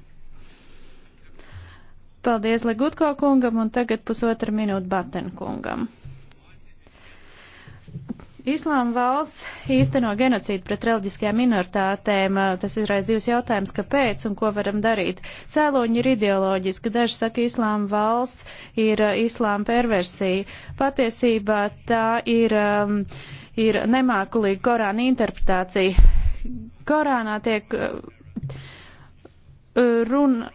Paldies Legutko kungam, un tagad pusotra minūte Baten kungam. Islāma valsts īsteno genocīdu pret reliģiskajām minoritātēm. Tas izraisa divus jautājumus, kāpēc un ko varam darīt. Cēloņi ir ideoloģiski. Daži saka, Islāma valsts ir Islāma perversija. Patiesībā tā ir, ir nemākulīga Korāna interpretācija. Korānā tiek runa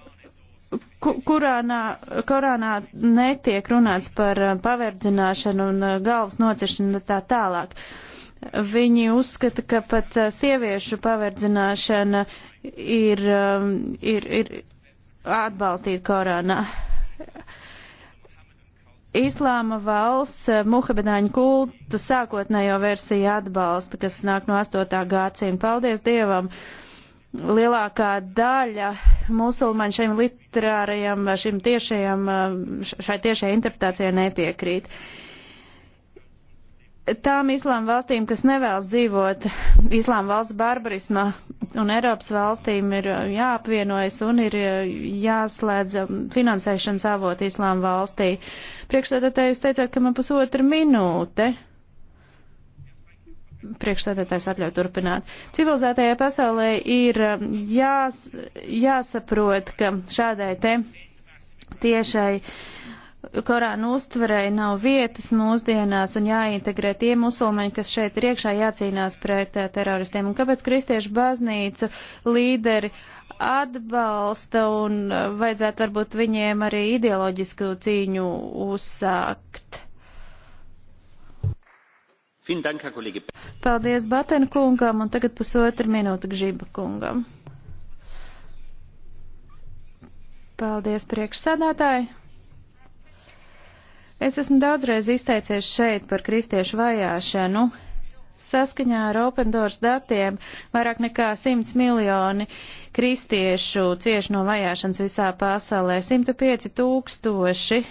Kurānā, Korānā netiek runāts par uh, paverdzināšanu un uh, galvas nociršanu tā tālāk. Viņi uzskata, ka pat uh, sieviešu paverdzināšana ir, um, ir, ir atbalstīta Korānā. Islāma valsts muhabedāņu kultu sākotnējo versiju atbalsta, kas nāk no 8. gadsimta. Paldies Dievam! Uh, lielākā daļa musulmaņu šiem literārajam, šim tiešajam, šai tiešajai interpretācijai nepiekrīt. Tām islāma valstīm, kas nevēlas dzīvot islāma valsts barbarisma un Eiropas valstīm ir jāapvienojas un ir jāslēdz finansēšanas avot islāma valstī. Priekšstādātājs teicāt, ka man pusotra minūte priekšstādātājs atļauj turpināt. Civilizētajā pasaulē ir um, jās, jāsaprot, ka šādai te tiešai Korāna uztverei nav vietas mūsdienās un jāintegrē tie musulmaņi, kas šeit ir iekšā jācīnās pret uh, teroristiem. Un kāpēc kristiešu baznīcu līderi atbalsta un uh, vajadzētu varbūt viņiem arī ideoloģisku cīņu uzsākt? Vielen Dank, Herr Kollege. Paldies Batena kungam un tagad pusotra minūte Gžiba kungam. Paldies priekšsādātāji. Es esmu daudzreiz izteicies šeit par kristiešu vajāšanu. Saskaņā ar Open Doors datiem vairāk nekā 100 miljoni kristiešu cieši no vajāšanas visā pasaulē, 105 tūkstoši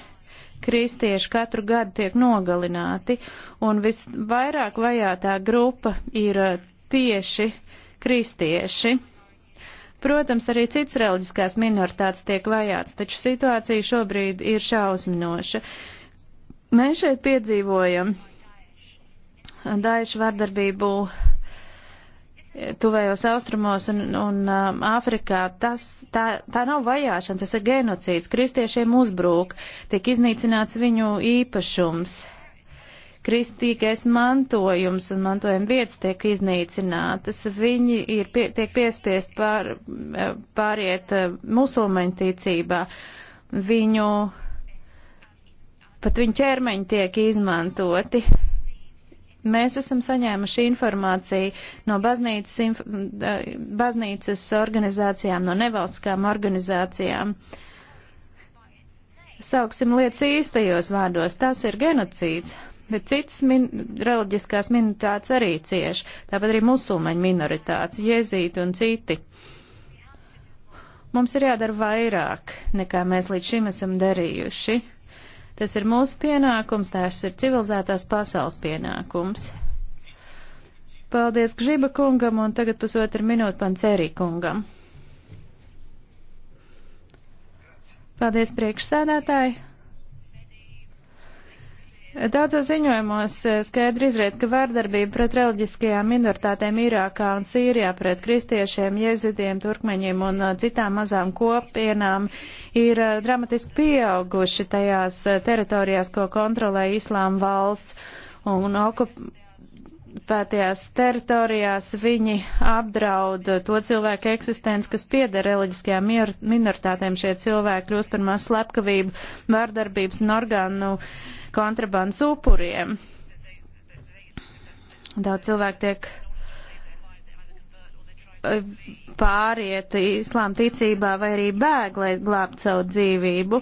kristieši katru gadu tiek nogalināti, un visvairāk vajātā grupa ir eh, tieši kristieši. Protams, arī cits reliģiskās minoritātes tiek vajāts, taču situācija šobrīd ir šausminoša. Mēs šeit piedzīvojam Daešu vardarbību tuvējos austrumos un, un um, Āfrikā. Tas, tā, tā nav vajāšana, tas ir genocīds. Kristiešiem uzbrūk, tiek iznīcināts viņu īpašums. Kristīgais mantojums un mantojuma vietas tiek iznīcinātas. Viņi ir, pie, tiek piespiest pār, pāriet uh, musulmaņu ticībā. Viņu, pat viņu ķermeņi tiek izmantoti Mēs esam saņēmuši informāciju no baznīcas, inf baznīcas organizācijām, no nevalstiskām organizācijām. Sauksim lietas īstajos vārdos. Tas ir genocīds, bet citas min reliģiskās minoritātes arī cieši, tāpat arī musulmaņu minoritātes, jezīti un citi. Mums ir jādara vairāk, nekā mēs līdz šim esam darījuši. Tas ir mūsu pienākums, tās ir civilizētās pasaules pienākums. Paldies Gžiba kungam un tagad pusotru minūtu pancerī kungam. Paldies priekšsēdētāji. Daudzos ziņojumos e, skaidri izriet, ka vārdarbība pret reliģiskajām minoritātēm Irākā un Sīrijā pret kristiešiem, jezidiem, turkmeņiem un e, citām mazām kopienām ir e, dramatiski pieauguši tajās teritorijās, ko kontrolē Islāma valsts un okupētajās teritorijās. Viņi apdraud to cilvēku eksistenci, kas pieder reliģiskajām minoritātēm. Šie cilvēki kļūst par mazu slepkavību, vārdarbības un orgānu. No kontrabandas upuriem. Daudz cilvēku tiek eh, pāriet islām ticībā vai arī bēg, lai glābtu savu dzīvību.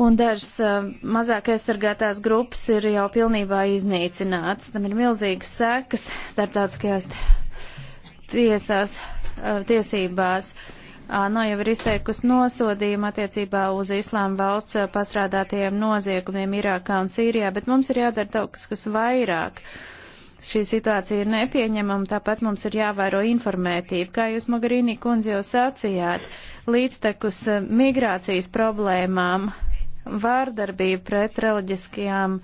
Un dažas uh, mazāk aizsargātās grupas ir jau pilnībā iznīcināts. Tam ir milzīgas sekas starptautiskajās tiesās, uh, tiesībās. Uh, ANO jau ir izteikusi nosodījumu attiecībā uz islāma valsts pastrādātajiem noziegumiem Irākā un Sīrijā, bet mums ir jādara kaut kas, kas vairāk. Šī situācija ir nepieņemama, tāpat mums ir jāvēro informētība. Kā jūs, Mogarīni kundze, jau sacījāt, līdztekus migrācijas problēmām, vārdarbība pret reliģiskajām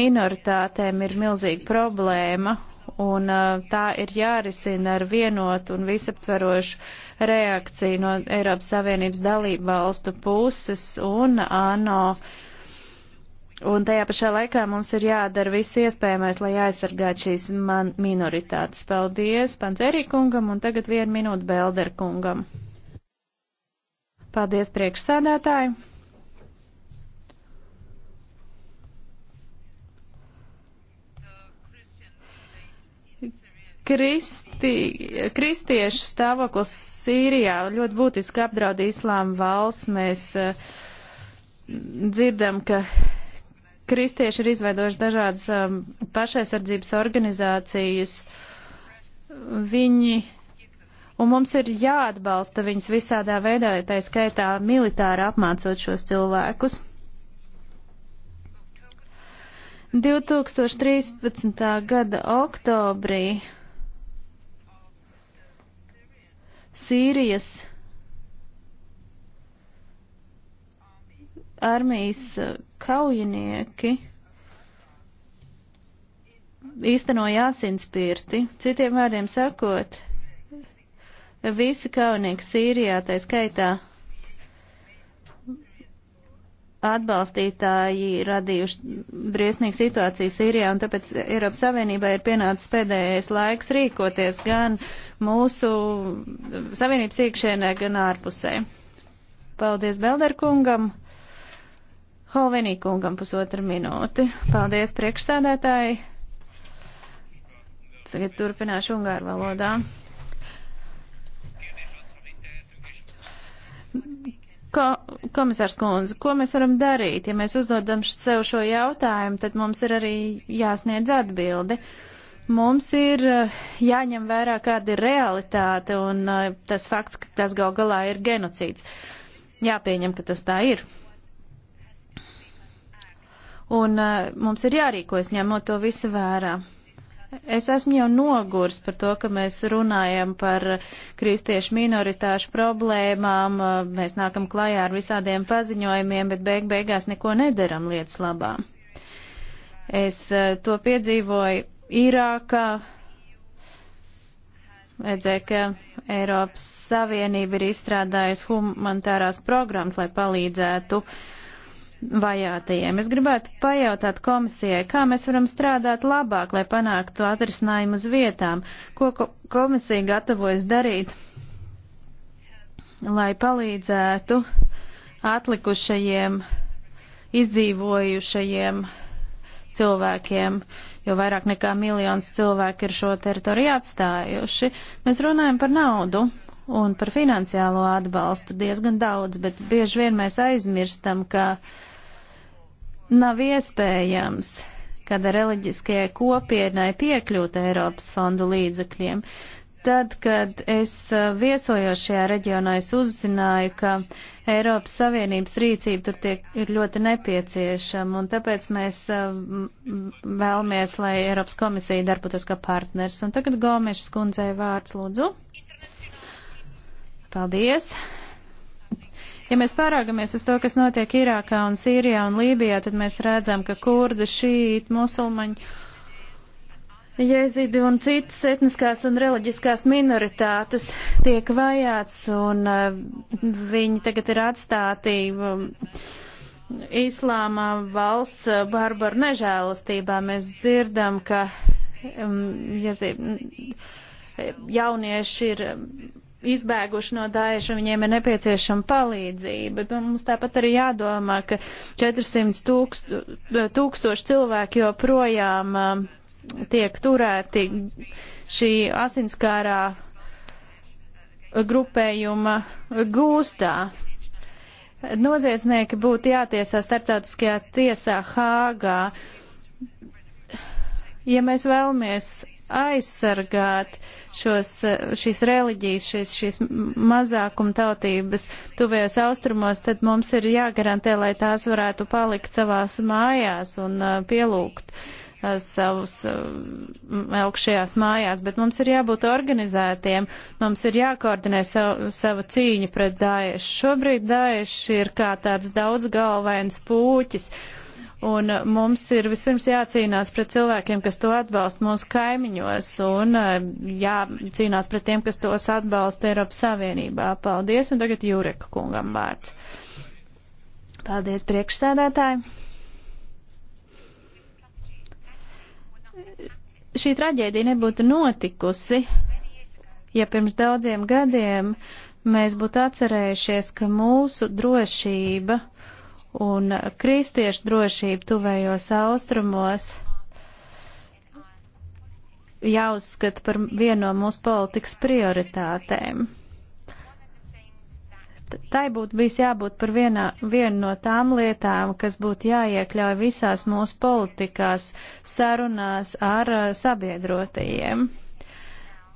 minoritātēm ir milzīga problēma, un uh, tā ir jārisina ar vienotu un visaptverošu reakciju no Eiropas Savienības dalību valstu puses un ANO. Un tajā pašā laikā mums ir jādara viss iespējamais, lai aizsargātu šīs man minoritātes. Paldies Pancerī kungam un tagad vienu minūtu Belder kungam. Paldies priekšsēdētāji! Kristi, kristiešu stāvoklis Sīrijā ļoti būtiski apdraud islāma valsts. Mēs uh, dzirdam, ka kristieši ir izveidojuši dažādas um, pašaizsardzības organizācijas. Viņi, un mums ir jāatbalsta viņus visādā veidā, tā skaitā militāri apmācot šos cilvēkus. 2013. gada oktobrī Sīrijas armijas uh, kaujinieki īstenoja asinspirti. Citiem vārdiem sakot, visi kaujinieki Sīrijā, tā skaitā atbalstītāji radījuši briesmīgu situāciju Sīrijā, un tāpēc Eiropas Savienībai ir pienācis pēdējais laiks rīkoties gan mūsu Savienības iekšēnē, gan ārpusē. Paldies Belderkungam, Holvinīkungam pusotra minūti. Paldies priekšsēdētāji. Tagad turpināšu ungāru valodā. Ko, komisārs Kunze, ko mēs varam darīt? Ja mēs uzdodam sev šo jautājumu, tad mums ir arī jāsniedz atbildi. Mums ir eh, jāņem vērā, kāda ir realitāte un eh, tas fakts, ka tas gal galā ir genocīds. Jāpieņem, ka tas tā ir. Un eh, mums ir jārīkojas ņemot to visu vērā. Es esmu jau nogurs par to, ka mēs runājam par kristiešu minoritāšu problēmām, mēs nākam klajā ar visādiem paziņojumiem, bet beig beigās neko nedaram lietas labā. Es eh, to piedzīvoju Irākā, redzēju, ka Eiropas Savienība ir izstrādājusi humanitārās programmas, lai palīdzētu uh, vajātajiem. Es gribētu pajautāt komisijai, kā mēs varam strādāt labāk, lai panāktu atrisinājumu uz vietām, ko komisija gatavojas darīt, lai palīdzētu atlikušajiem, izdzīvojušajiem cilvēkiem, jo vairāk nekā miljons cilvēku ir šo teritoriju atstājuši. Mēs runājam par naudu un par finansiālo atbalstu diezgan daudz, bet bieži vien mēs aizmirstam, ka uh, nav iespējams, kad reliģiskajai kopienai piekļūt Eiropas fondu līdzekļiem. Tad, kad es uh, viesojos šajā reģionā, es uzzināju, ka Eiropas Savienības rīcība tur tiek, ir ļoti nepieciešama, un tāpēc mēs uh, vēlamies, lai Eiropas komisija darbotos kā partners. Un tagad Gomešas kundzei vārds lūdzu. Paldies! Ja mēs pārāgamies uz to, kas notiek Irākā un Sīrijā un Lībijā, tad mēs redzam, ka kurdi, šīti, musulmaņi, jēzidi un citas etniskās un reliģiskās minoritātes tiek vajāts un uh, viņi tagad ir atstāti. Um, Īslāma valsts eh, barbaru nežēlastībā mēs dzirdam, ka um, jaunieši ir izbēguši no Daeša, viņiem ir nepieciešama palīdzība. Bet mums tāpat arī jādomā, ka 400 tūkst, tūkstoši cilvēki joprojām um, tiek turēti šī asinskārā grupējuma gūstā. Noziedznieki būtu jātiesā starptautiskajā tiesā Hāgā. Ja mēs vēlamies aizsargāt šos, šīs reliģijas, šīs, šīs mazākuma tautības tuvējos austrumos, tad mums ir jāgarantē, lai tās varētu palikt savās mājās un uh, pielūgt uh, savus uh, augšējās mājās, bet mums ir jābūt organizētiem, mums ir jākoordinē savu, savu cīņu pret Daešu. Šobrīd Daeši ir kā tāds daudzgalvains pūķis, uh, Un mums ir vispirms jācīnās pret cilvēkiem, kas to atbalsta mūsu kaimiņos, un eh, jācīnās pret tiem, kas tos atbalsta Eiropas Savienībā. Paldies, un tagad Jureka kungam vārds. Paldies, priekšsēdētāji. Šī traģēdija nebūtu notikusi, ja pirms daudziem gadiem mēs būtu atcerējušies, ka mūsu drošība un kristiešu drošību tuvējos austrumos jāuzskata par vienu no mūsu politikas prioritātēm. Tai būtu bijis jābūt par vienā, vienu no tām lietām, kas būtu jāiekļauj visās mūsu politikās sarunās ar sabiedrotajiem.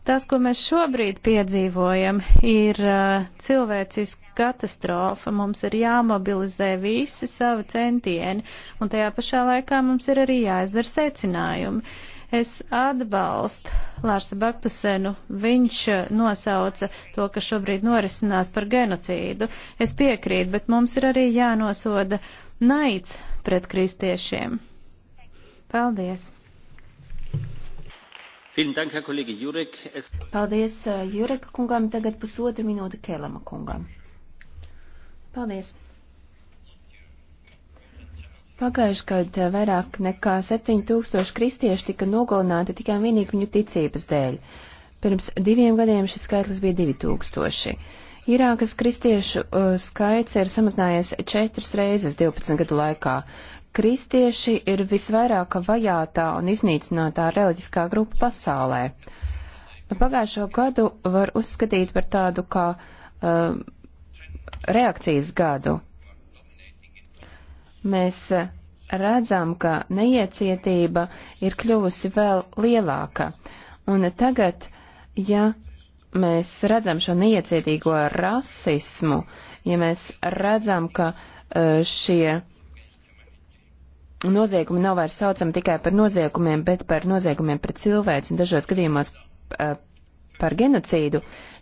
Tas, ko mēs šobrīd piedzīvojam, ir uh, cilvēciska katastrofa. Mums ir jāmobilizē visi savi centieni, un tajā pašā laikā mums ir arī jāizdara secinājumi. Es atbalstu Lārsa Baktusenu. Viņš uh, nosauca to, kas šobrīd norisinās par genocīdu. Es piekrītu, bet mums ir arī jānosoda naids pret kristiešiem. Paldies! Paldies eh, Jureka kungam, tagad pusotra minūte Kēlama kungam. Paldies! Pagājuši, kad eh, vairāk nekā 7000 kristieši tika nogalināti tikai un vienīgi viņu ticības dēļ. Pirms diviem gadiem šis skaitlis bija 2000. Irākas kristiešu uh, skaits ir samazinājies četras reizes 12 gadu laikā. Kristieši ir visvairāk vajātā un iznīcinātā reliģiskā grupa pasaulē. Pagājušo gadu var uzskatīt par tādu kā uh, reakcijas gadu. Mēs uh, redzam, ka neiecietība ir kļuvusi vēl lielāka. Un tagad, ja mēs redzam šo neiecietīgo rasismu, ja mēs redzam, ka uh, šie noziegumi nav vairs saucami tikai par noziegumiem, bet par noziegumiem pret cilvēci un dažos gadījumos par genocīdu,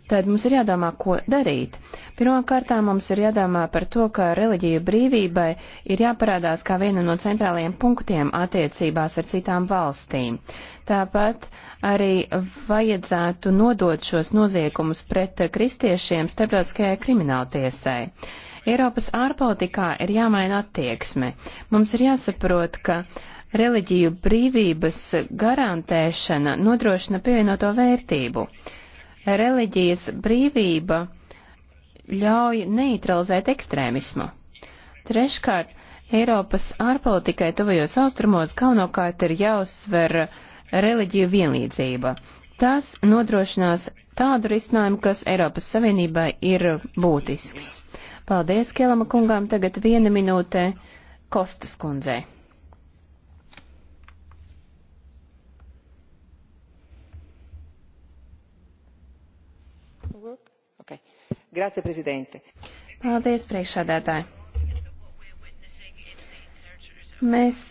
tad mums ir jādomā, ko darīt. Pirmkārt, mums ir jādomā par to, ka reliģiju brīvībai ir jāparādās kā viena no centrālajiem punktiem attiecībās ar citām valstīm. Tāpat arī vajadzētu nodot šos noziegumus pret kristiešiem starptautiskajai krimināltiesai. Eiropas ārpolitikā ir jāmaina attieksme. Mums ir jāsaprot, ka reliģiju brīvības garantēšana nodrošina pievienoto vērtību. Reliģijas brīvība ļauj neutralizēt ekstrēmismu. Treškārt, Eiropas ārpolitikai tuvajos austrumos galvenokārt ir jāuzsver reliģiju vienlīdzība. Tas nodrošinās tādu risinājumu, kas Eiropas Savienībai ir būtisks. Paldies, Kielama kungām. Tagad viena minūte Kostas kundzei. Okay. Grazie, prezidente. Paldies, priekšādātāji. Mēs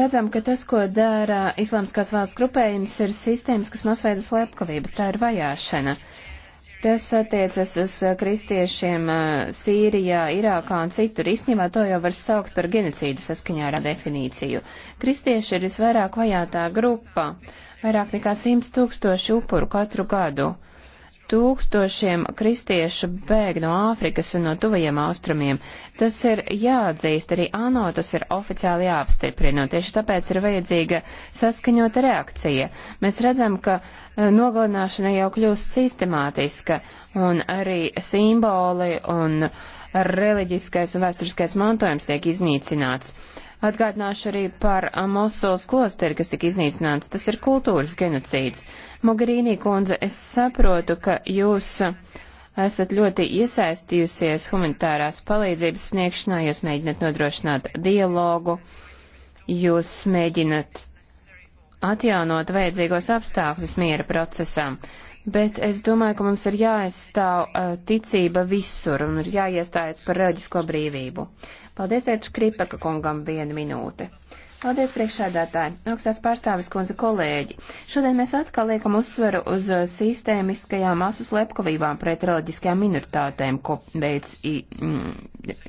redzam, ka tas, ko dara Islāmskās valsts grupējums, ir sistēmas, kas masveida slepkavības. Tā ir vajāšana. Tas attiecas uz uh, kristiešiem uh, Sīrijā, Irākā un citur. Īstenībā to jau var saukt par genocīdu saskaņā ar definīciju. Kristieši ir visvairāk vajātā grupa, vairāk nekā 100 tūkstoši upuru katru gadu tūkstošiem kristiešu bēg no Āfrikas un no tuvajiem austrumiem. Tas ir jāatzīst, arī ANO tas ir oficiāli jāapstiprina, un tieši tāpēc ir vajadzīga saskaņota reakcija. Mēs redzam, ka e, nogalināšana jau kļūst sistemātiska, un arī simboli un reliģiskais un vēsturiskais mantojums tiek iznīcināts. Atgādināšu arī par uh, Mosuls klosteri, kas tika iznīcināts. Tas ir kultūras genocīds. Mogherīnī kundze, es saprotu, ka jūs uh, esat ļoti iesaistījusies humanitārās palīdzības sniegšanā, jūs mēģinat nodrošināt dialogu, jūs mēģinat atjaunot vajadzīgos apstākļus miera procesam. Bet es domāju, ka mums ir jāaizstāv uh, ticība visur un ir jāiestājas par reliģisko brīvību. Paldies, Ērča Kripaka kungam, viena minūte. Paldies, priekšsēdētāji, augstās pārstāvis kundze kolēģi. Šodien mēs atkal liekam uzsveru uz uh, sistēmiskajām masu slepkavībām pret reliģiskajām minoritātēm, ko veids mm,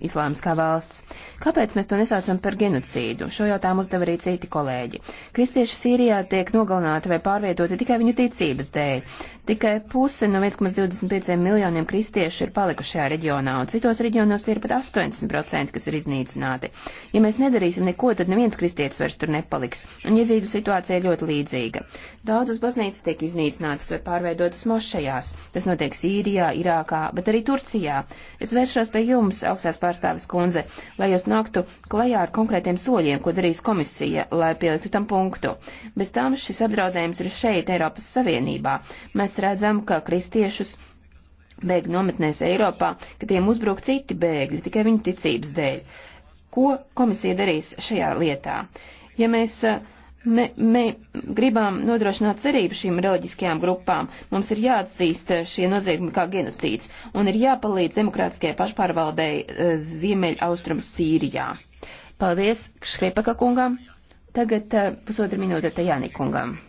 islāmskā valsts. Kāpēc mēs to nesaucam par genocīdu? Šo jautājumu uzdev arī citi kolēģi. Kristieši Sīrijā tiek nogalināti vai pārvietoti tikai viņu ticības dēļ. Tikai puse no 1,25 miljoniem kristiešu ir palikuši šajā reģionā, un citos reģionos ir pat 80%, kas ir iznīcināti. Ja mēs nedarīsim neko, tad neviens kristietis vairs tur nepaliks, un jezīdu situācija ir ļoti līdzīga. Daudzas baznīcas tiek iznīcinātas vai pārveidotas mošajās. Tas notiek Sīrijā, Irākā, bet arī Turcijā. Es vēršos pie jums, augstās pārstāvis kundze, lai jūs nāktu klajā ar konkrētiem soļiem, ko darīs komisija, lai pieliktu tam punktu. Bez tam šis apdraudējums ir šeit, Eiropas Savienībā. Mēs redzam, ka kristiešus bēgļu nometnēs Eiropā, ka tiem uzbruk citi bēgļi tikai viņu ticības dēļ. Ko komisija darīs šajā lietā? Ja mēs eh, me, me, gribam nodrošināt cerību šīm reliģiskajām grupām, mums ir jāatzīst eh, šie noziegumi kā genocīds un ir jāpalīdz demokrātiskajai pašpārvaldei eh, Ziemeļaustrum Sīrijā. Paldies Škrepaka kungam. Tagad pusotra minūte Tajāni kungam.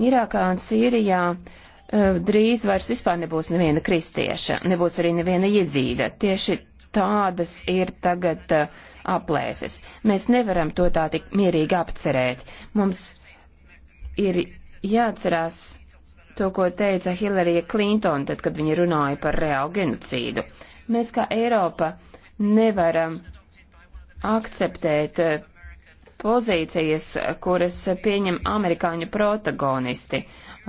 Irākā un Sīrijā eh, drīz vairs vispār nebūs neviena kristieša, nebūs arī neviena jezīda. Tieši tādas ir tagad eh, aplēses. Mēs nevaram to tā tik mierīgi apcerēt. Mums ir jāatcerās to, ko teica Hillarija Klintona, tad, kad viņa runāja par reālu genocīdu. Mēs kā Eiropa nevaram akceptēt eh, pozīcijas, kuras pieņem amerikāņu protagonisti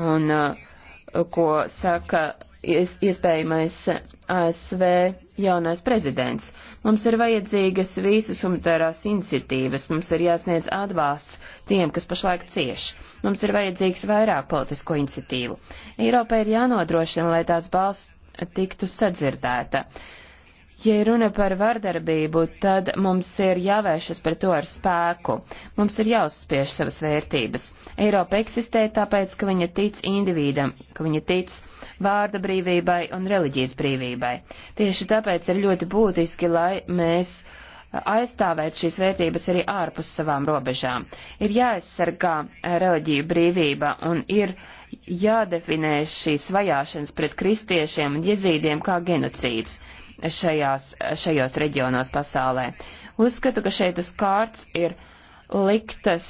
un uh, ko saka iespējamais ASV jaunais prezidents. Mums ir vajadzīgas visas humanitārās iniciatīvas, mums ir jāsniedz atbalsts tiem, kas pašlaik cieš. Mums ir vajadzīgs vairāk politisko iniciatīvu. Eiropai ir jānodrošina, lai tās balss tiktu sadzirdēta. Uh, Ja runa par vardarbību, tad mums ir jāvēršas pret to ar spēku. Mums ir jāuzspiež savas vērtības. Eiropa eksistē tāpēc, ka viņa tic individam, ka viņa tic vārda brīvībai un reliģijas brīvībai. Tieši tāpēc ir ļoti būtiski, lai mēs aizstāvēt šīs vērtības arī ārpus savām robežām. Ir jāaizsargā reliģiju brīvība un ir jādefinē šīs vajāšanas pret kristiešiem un jezīdiem kā genocīds šajās, šajos reģionos pasaulē. Uzskatu, ka šeit uz kārts ir liktas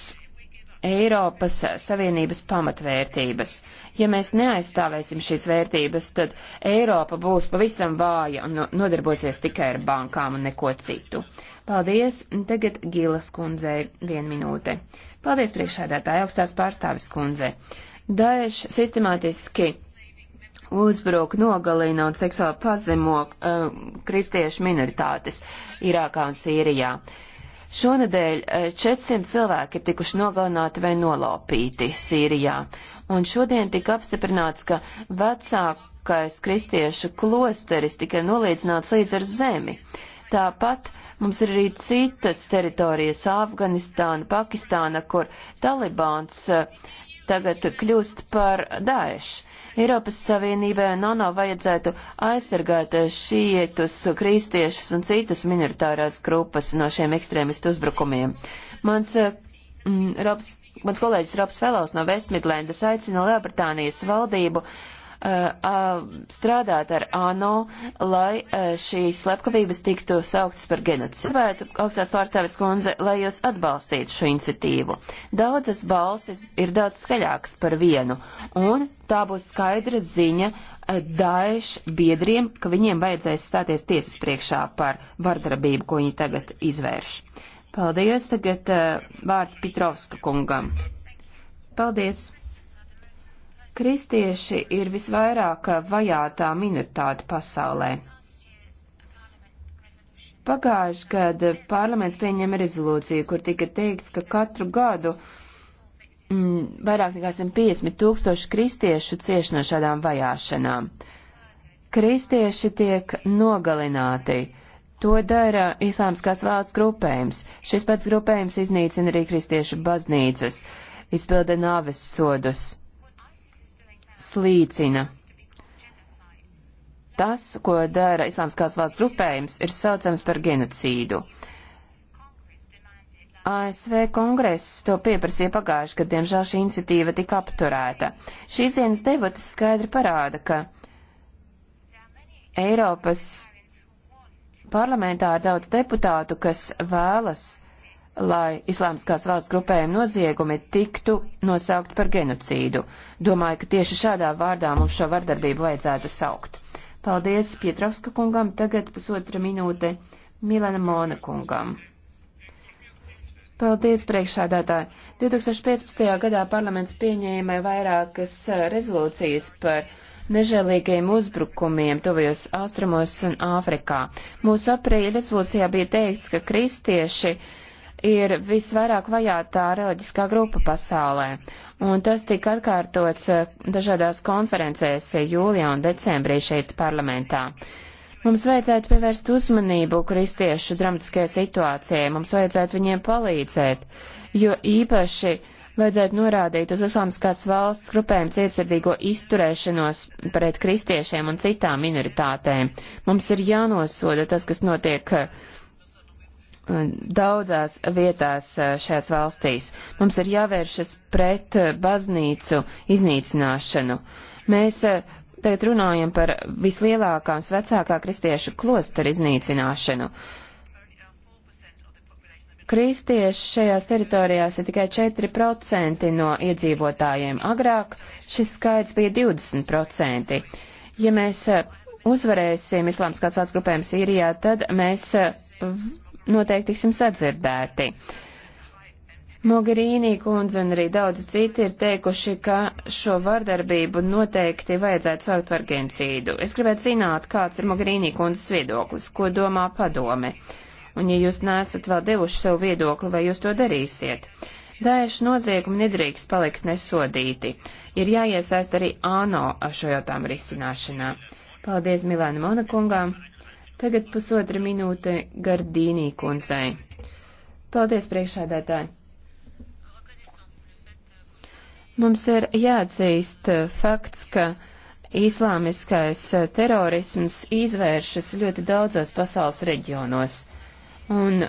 Eiropas Savienības pamatvērtības. Ja mēs neaizstāvēsim šīs vērtības, tad Eiropa būs pavisam vāja un nodarbosies tikai ar bankām un neko citu. Paldies, tagad Gīlas kundzei vien minūte. Paldies priekšādātāja augstās pārstāvis kundzei. Daesh sistemātiski uzbruk, nogalina un seksuāli pazemo uh, kristiešu minoritātes Irākā un Sīrijā. Šonadēļ 400 eh, cilvēki ir tikuši nogalināti vai nolaupīti Sīrijā, un šodien tika apstiprināts, ka vecākais kristiešu klosteris tika nolīdzināts līdz ar zemi. Tāpat mums ir arī citas teritorijas - Afganistāna, Pakistāna, kur Talibāns eh, tagad kļūst par Daešu. Eiropas Savienībai un ANO vajadzētu aizsargāt šietus, kristiešus un citas minoritārās grupas no šiem ekstrēmistu uzbrukumiem. Mans, eh, mm, Robs, mans kolēģis Robs Felos no Vestmidlendas aicina Lielbritānijas valdību uh, strādāt ar ANO, lai šīs slepkavības tiktu sauktas par genocīdu. Gribētu, augstās pārstāvis kundze, lai jūs atbalstītu šo iniciatīvu. Daudzas balsis ir daudz skaļākas par vienu, un tā būs skaidra ziņa Daesh biedriem, ka viņiem vajadzēs stāties tiesas priekšā par vardarbību, ko viņi tagad izvērš. Paldies, tagad vārds Pitrovska kungam. Paldies! Kristieši ir visvairāk vajātā minoritāte pasaulē. Pagājuši gadu parlaments pieņēma rezolūciju, kur tika teikts, ka katru gadu mm, vairāk nekā 150 tūkstoši kristiešu cieš no šādām vajāšanām. Kristieši tiek nogalināti. To dara islāmskās valsts grupējums. Šis pats grupējums iznīcina arī kristiešu baznīcas, izpilda nāves sodus slīcina. Tas, ko dara Islāmskās valsts grupējums, ir saucams par genocīdu. ASV kongress to pieprasīja pagājuši, kad diemžēl šī iniciatīva tika apturēta. Šīs dienas debatas skaidri parāda, ka Eiropas parlamentā ir daudz deputātu, kas vēlas lai islāmskās valsts grupējuma noziegumi tiktu nosaukt par genocīdu. Domāju, ka tieši šādā vārdā mums šo vardarbību vajadzētu saukt. Paldies Pietrovska kungam, tagad pusotra minūte Milana Mona kungam. Paldies, priekšādātāji. 2015. gadā parlaments pieņēma vairākas eh, rezolūcijas par nežēlīgiem uzbrukumiem tuvajos austrumos un Āfrikā. Mūsu aprīļa rezolūcijā bija teikts, ka kristieši uh, ir visvairāk vajātā reliģiskā grupa pasaulē, un tas tika atkārtots eh, dažādās konferencēs jūlijā un decembrī šeit parlamentā. Mums vajadzētu pievērst uzmanību kristiešu dramatiskajai situācijai, mums vajadzētu viņiem palīdzēt, jo īpaši vajadzētu norādīt uz islāmskās valsts grupēm cietsirdīgo izturēšanos pret kristiešiem un citām minoritātēm. Mums ir jānosoda tas, kas notiek uh, daudzās vietās eh, šajās valstīs. Mums ir jāvēršas pret eh, baznīcu iznīcināšanu. Mēs eh, tagad runājam par vislielākā un vecākā kristiešu klosteru iznīcināšanu. Kristieši šajās teritorijās ir tikai 4% no iedzīvotājiem. Agrāk šis skaits bija 20%. Ja mēs uzvarēsim islāmskās valsts grupēm Sīrijā, tad mēs noteikti tiksim sadzirdēti. Mogherīnī kundze un arī daudz citi ir teikuši, ka šo vardarbību noteikti vajadzētu saukt par genocīdu. Es gribētu zināt, kāds ir Mogherīnī kundzes viedoklis, ko domā padome. Un ja jūs nesat vēl devuši sev viedokli, vai jūs to darīsiet? Daešu noziegumi nedrīkst palikt nesodīti. Ir jāiesaist arī ANO ar šo jautājumu risināšanā. Paldies Milēna Monakungām. Tagad pusotra minūte Gardīnī kundzei. Paldies, priekšādētāji! Mums ir jāatzīst fakts, ka islāmiskais terorisms izvēršas ļoti daudzos pasaules reģionos. Un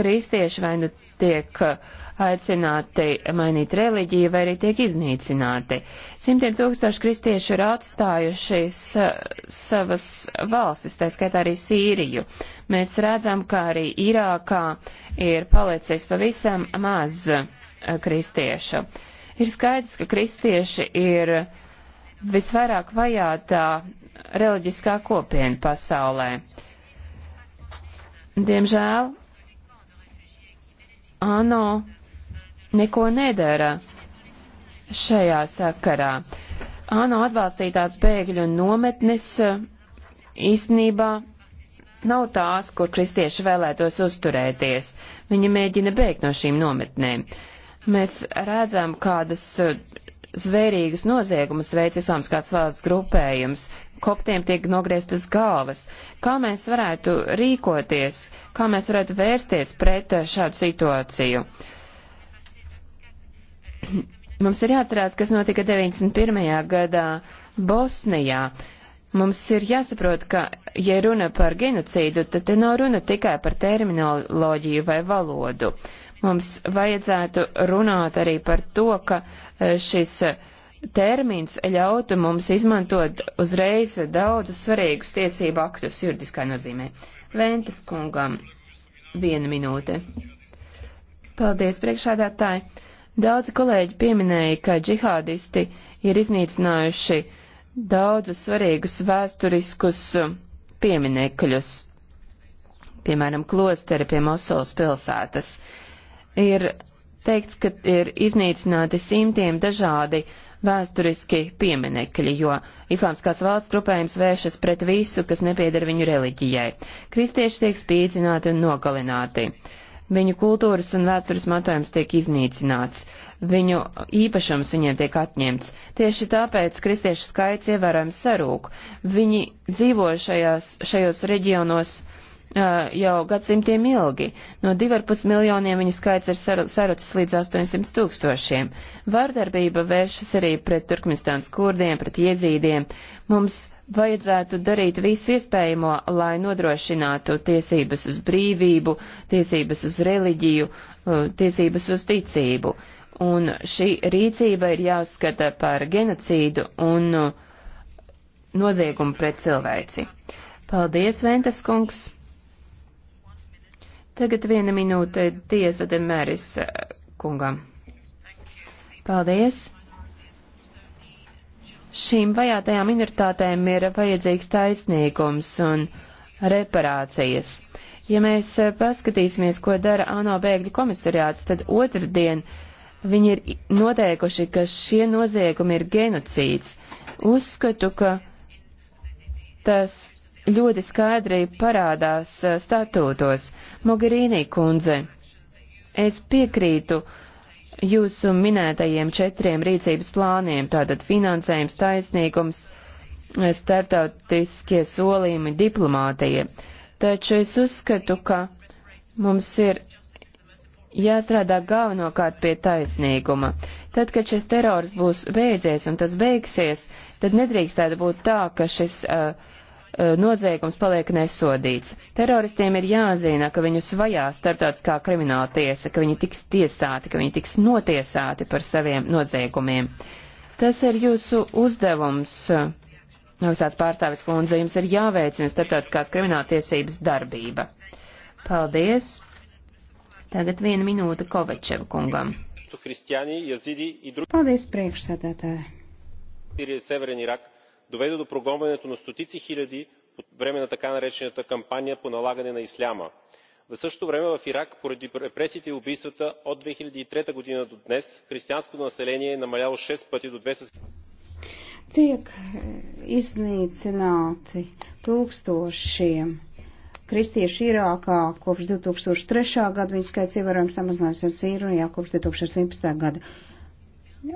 kristieši vai nu tiek uh, aicināti mainīt reliģiju vai arī tiek iznīcināti. Simtiem tūkstoši kristieši ir atstājuši savas valstis, tā skaitā arī Sīriju. Mēs redzam, ka arī Irākā ir palicis pavisam maz eh, kristiešu. Ir skaidrs, ka kristieši ir visvairāk vajātā reliģiskā kopiena pasaulē. Diemžēl ANO neko nedara šajā sakarā. ANO atbalstītās bēgļu nometnes e, īstenībā nav tās, kur kristieši vēlētos uzturēties. Viņi mēģina bēgt no šīm nometnēm. Mēs redzam, kādas e, zvērīgas noziegumus veic islāmskās valsts grupējums, koptiem tiek nogrieztas galvas. Kā mēs varētu rīkoties, kā mēs varētu vērsties pret e, šādu situāciju? Uh, <clears throat> Mums ir jāatcerās, kas notika 91. gadā Bosnijā. Mums ir jāsaprot, ka, ja runa par genocīdu, tad te nav runa tikai par terminoloģiju vai valodu. Mums vajadzētu runāt arī par to, ka e, šis e, termins ļautu mums izmantot uzreiz daudzus svarīgus tiesību aktus juridiskā nozīmē. Ventas kungam viena minūte. Paldies, priekšādātāji. Daudzi kolēģi pieminēja, ka džihādisti ir iznīcinājuši daudzus svarīgus vēsturiskus pieminekļus, piemēram, klosteri pie Mosulas pilsētas. Ir teikts, ka ir iznīcināti simtiem dažādi vēsturiski pieminekļi, jo islāmskās valsts grupējums vēršas pret visu, kas nepieder viņu reliģijai. Kristieši tiek spīdzināti un nogalināti. Viņu kultūras un vēstures mantojums tiek iznīcināts, viņu īpašums viņiem tiek atņemts. Tieši tāpēc kristiešu skaits ievērojami sarūk. Viņi dzīvo šajās, šajos reģionos uh, jau gadsimtiem ilgi. No 2,5 miljoniem viņu skaits ir saru, sarucis līdz 800 tūkstošiem. Vārdarbība vēršas arī pret Turkmistāns kurdiem, pret iezīdiem. Mums vajadzētu darīt visu iespējamo, lai nodrošinātu tiesības uz brīvību, tiesības uz reliģiju, uh, tiesības uz ticību. Un šī rīcība ir jāuzskata par genocīdu un uh, noziegumu pret cilvēci. Paldies, Ventes kungs! Tagad viena minūte tiesa Demēris uh, kungam. Paldies! Šīm vajātajām minoritātēm ir vajadzīgs taisnīgums un reparācijas. Ja mēs eh, paskatīsimies, ko dara ANO bēgļu komisariāts, tad otrdien viņi ir noteikuši, ka šie noziegumi ir genocīds. Uzskatu, ka tas ļoti skaidri parādās eh, statūtos. Mogherīnī kundze, es piekrītu uh, jūsu minētajiem četriem rīcības plāniem, tātad finansējums, taisnīgums, startautiskie solījumi, diplomātija. Taču es uzskatu, ka mums ir jāstrādā galvenokārt pie taisnīguma. Tad, kad šis terors būs beidzies un tas beigsies, tad nedrīkstētu būt tā, ka šis uh, Eh, noziegums paliek nesodīts. Teroristiem ir jāzina, ka viņus vajā starptautiskā krimināla tiesa, ka viņi tiks tiesāti, ka viņi tiks notiesāti par saviem noziegumiem. Tas ir jūsu uzdevums. Augstās eh, pārstāvis kundze, jums ir jāveicina starptautiskās krimināla tiesības darbība. Paldies. Tagad viena minūte Kovečeva kungam. Paldies, priekšsēdētāji доведе до прогонването на стотици хиляди по време на така наречената кампания по налагане на исляма. в същото време в ирак поради репресиите и убийствата от две хиляди и трета година до днес християнското население е намаляло шест пъти до. two tiek iznīcināti tūkstošiem kristieši Irākā kopš 2003. gada, viņa skaits ievērojami samazinājusies Sīrijā kopš 2011. gada.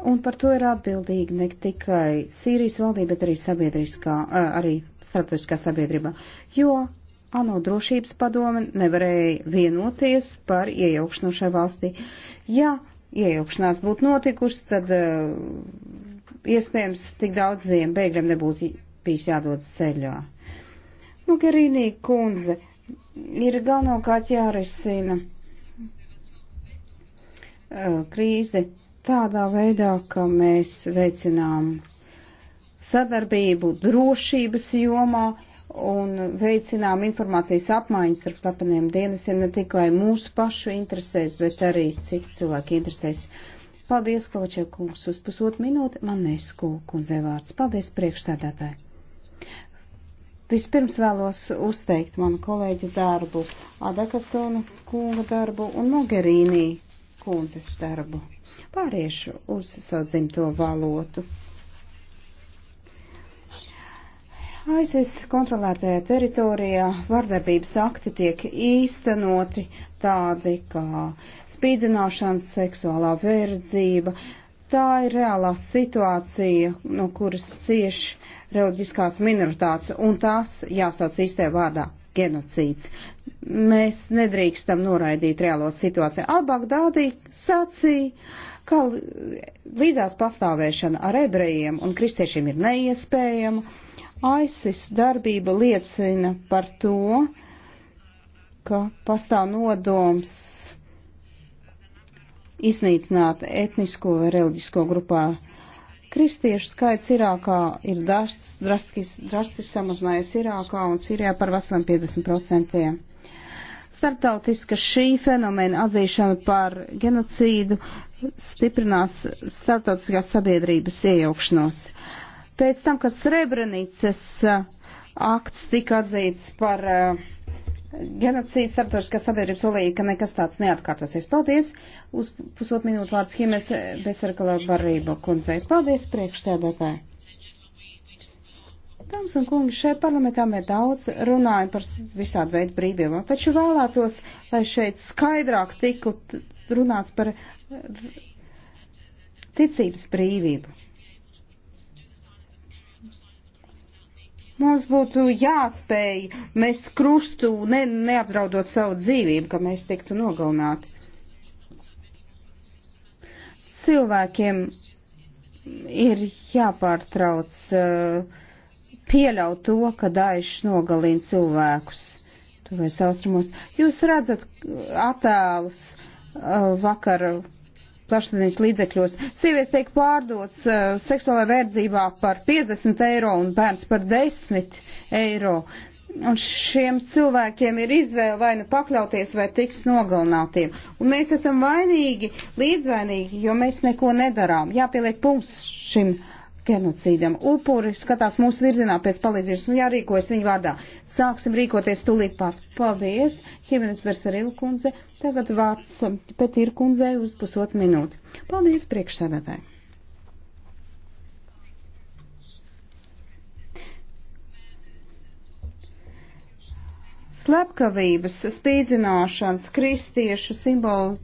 Un par to ir atbildīgi ne tikai Sīrijas valdība, bet arī sabiedriskā, eh, arī starptautiskā sabiedrība, jo ANO drošības padome nevarēja vienoties par iejaukšanu šai valstī. Ja iejaukšanās būtu notikusi, tad eh, iespējams tik daudziem bēgļiem nebūtu bijis jādodas ceļā. Mogherīnī nu, kundze ir galvenokārt jārisina eh, krīze tādā veidā, ka mēs veicinām sadarbību drošības jomā un veicinām informācijas apmaiņu starp slepeniem dienestiem ne tikai mūsu pašu interesēs, bet arī citu cilvēku interesēs. Paldies, Kovačev kungs, uz pusotru minūti man nesku kundze vārds. Paldies, priekšsēdētāji. Vispirms vēlos uzteikt manu kolēģi darbu, Adakasona kunga darbu un Mogherīnī kundzes darbu. Pāriešu uz savu dzimto valotu. ASIS kontrolētajā teritorijā vardarbības akti tiek īstenoti tādi kā spīdzināšana, seksuālā verdzība. Tā ir reālā situācija, no kuras cieš reliģiskās minoritātes, un tās jāsauc īstē vārdā genocīds. Mēs nedrīkstam noraidīt reālo situāciju. Al-Baghdādi sacīja, ka līdzās pastāvēšana ar ebrejiem un kristiešiem ir neiespējama. ISIS darbība liecina par to, ka pastāv nodoms iznīcināt etnisko vai reliģisko grupā Kristiešu skaits Irākā ir drastiski samazinājies Irākā un Sīrijā par veseliem 50%. Startautiska šī fenomena atzīšana par genocīdu stiprinās startautiskās sabiedrības iejaukšanos. Pēc tam, kad Srebrenicas uh, akts tika atzīts par uh, Genocīds starptautiskā sabiedrība solīja, ka nekas tāds neatkārtosies. Paldies! Uz pusot minūtes vārds Himes Besarkala barība kundzei. Paldies, priekšsēdētāji! Dāmas un kungi, šeit parlamentā mēs daudz runājam par visādu veidu brīvību, taču vēlētos, lai šeit skaidrāk tiku runāts par ticības brīvību. Mums būtu jāspēj mest krustu, ne, neapdraudot savu dzīvību, ka mēs tiktu nogalināti. Cilvēkiem ir jāpārtrauc uh, pieļaut to, ka daišs nogalina cilvēkus. Tuvēs austrumos. Jūs redzat uh, attēlus uh, vakar plašsaziņas līdzekļos. Sievietes tiek pārdots uh, eh, seksuālajā verdzībā par 50 eiro un bērns par 10 eiro. Un šiem cilvēkiem ir izvēle vai nu pakļauties, vai tiks nogalinātiem. Un mēs esam vainīgi, līdzvainīgi, jo mēs neko nedarām. Jāpieliek punkts šim genocīdam. Upuri skatās mūsu virzienā pēc palīdzības un jārīkojas viņu vārdā. Sāksim rīkoties tūlīt pār. Paldies, Himenes Versarila kundze. Tagad vārds Petīra kundzei uz pusotru minūti. Paldies, priekšsēdētāji. Slepkavības, spīdzināšanas, kristiešu simbolu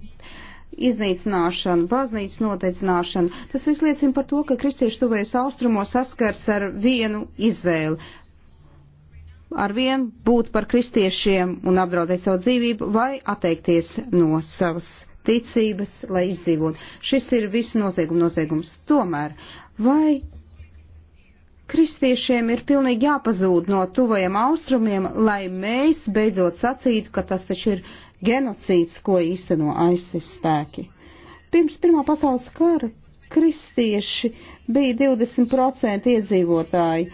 iznīcināšanu, baznīcas noteicināšanu. Tas viss liecina par to, ka kristieši tuvējos austrumos saskars ar vienu izvēli. Ar vienu būt par kristiešiem un apdraudēt savu dzīvību vai atteikties no savas ticības, lai izdzīvotu. Šis ir visu noziegumu noziegums. Tomēr, vai kristiešiem ir pilnīgi jāpazūd no tuvajiem austrumiem, lai mēs beidzot sacītu, ka tas taču ir genocīds, ko īsteno aizsis spēki. Pirms Pirmā pasaules kara kristieši bija 20% iedzīvotāji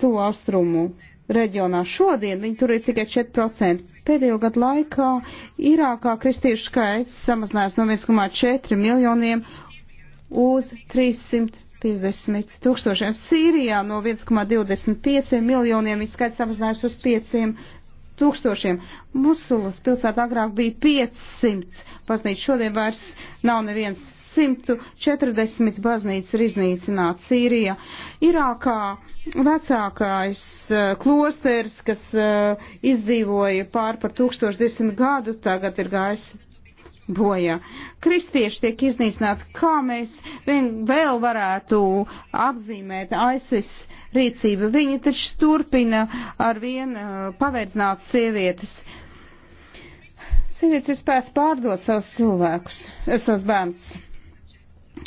to austrumu reģionā. Šodien viņi tur ir tikai 4% pēdējo gadu laikā Irākā kristiešu skaits samazinājās no 1,4 miljoniem uz 350 tūkstošiem. Sīrijā no 1,25 miljoniem viņa skaits samazinājās uz 5 tūkstošiem. Musulas pilsētā agrāk bija 500 baznīca, šodien vairs nav neviens 140 baznīcas ir iznīcināts Sīrijā. Irākā vecākais uh, klosters, kas uh, izdzīvoja pār par 1200 gadu, tagad ir gājis bojā. Kristieši tiek iznīcināti, kā mēs vēl varētu apzīmēt ISIS rīcību. Viņi taču turpina ar vien uh, paverdzināt sievietes. Sievietes ir spējas pārdot savus cilvēkus, eh, savus bērnus.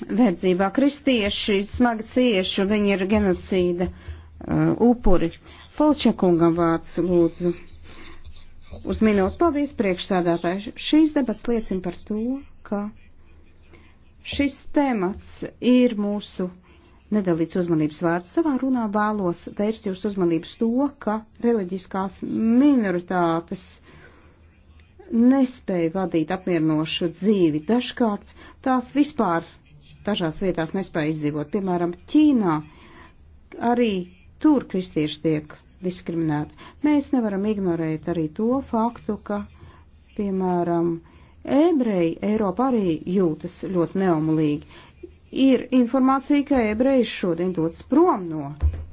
Verdzībā kristieši smagi cieši un viņi ir genocīda uh, upuri. Polčakungam vārds lūdzu. Uz minūti paldies priekšsēdētāji. Šīs debats liecina par to, ka šis temats ir mūsu nedalīts uzmanības vārds. Savā runā vēlos vērst jūs uzmanības to, ka reliģiskās minoritātes nespēja vadīt apmierinošu dzīvi. Dažkārt tās vispār dažās vietās nespēja izdzīvot. Piemēram, Ķīnā arī tur kristieši tiek diskriminēti. Mēs nevaram ignorēt arī to faktu, ka, piemēram, ebreji Eiropā arī jūtas ļoti neumulīgi. Ir informācija, ka ebreji šodien dodas prom no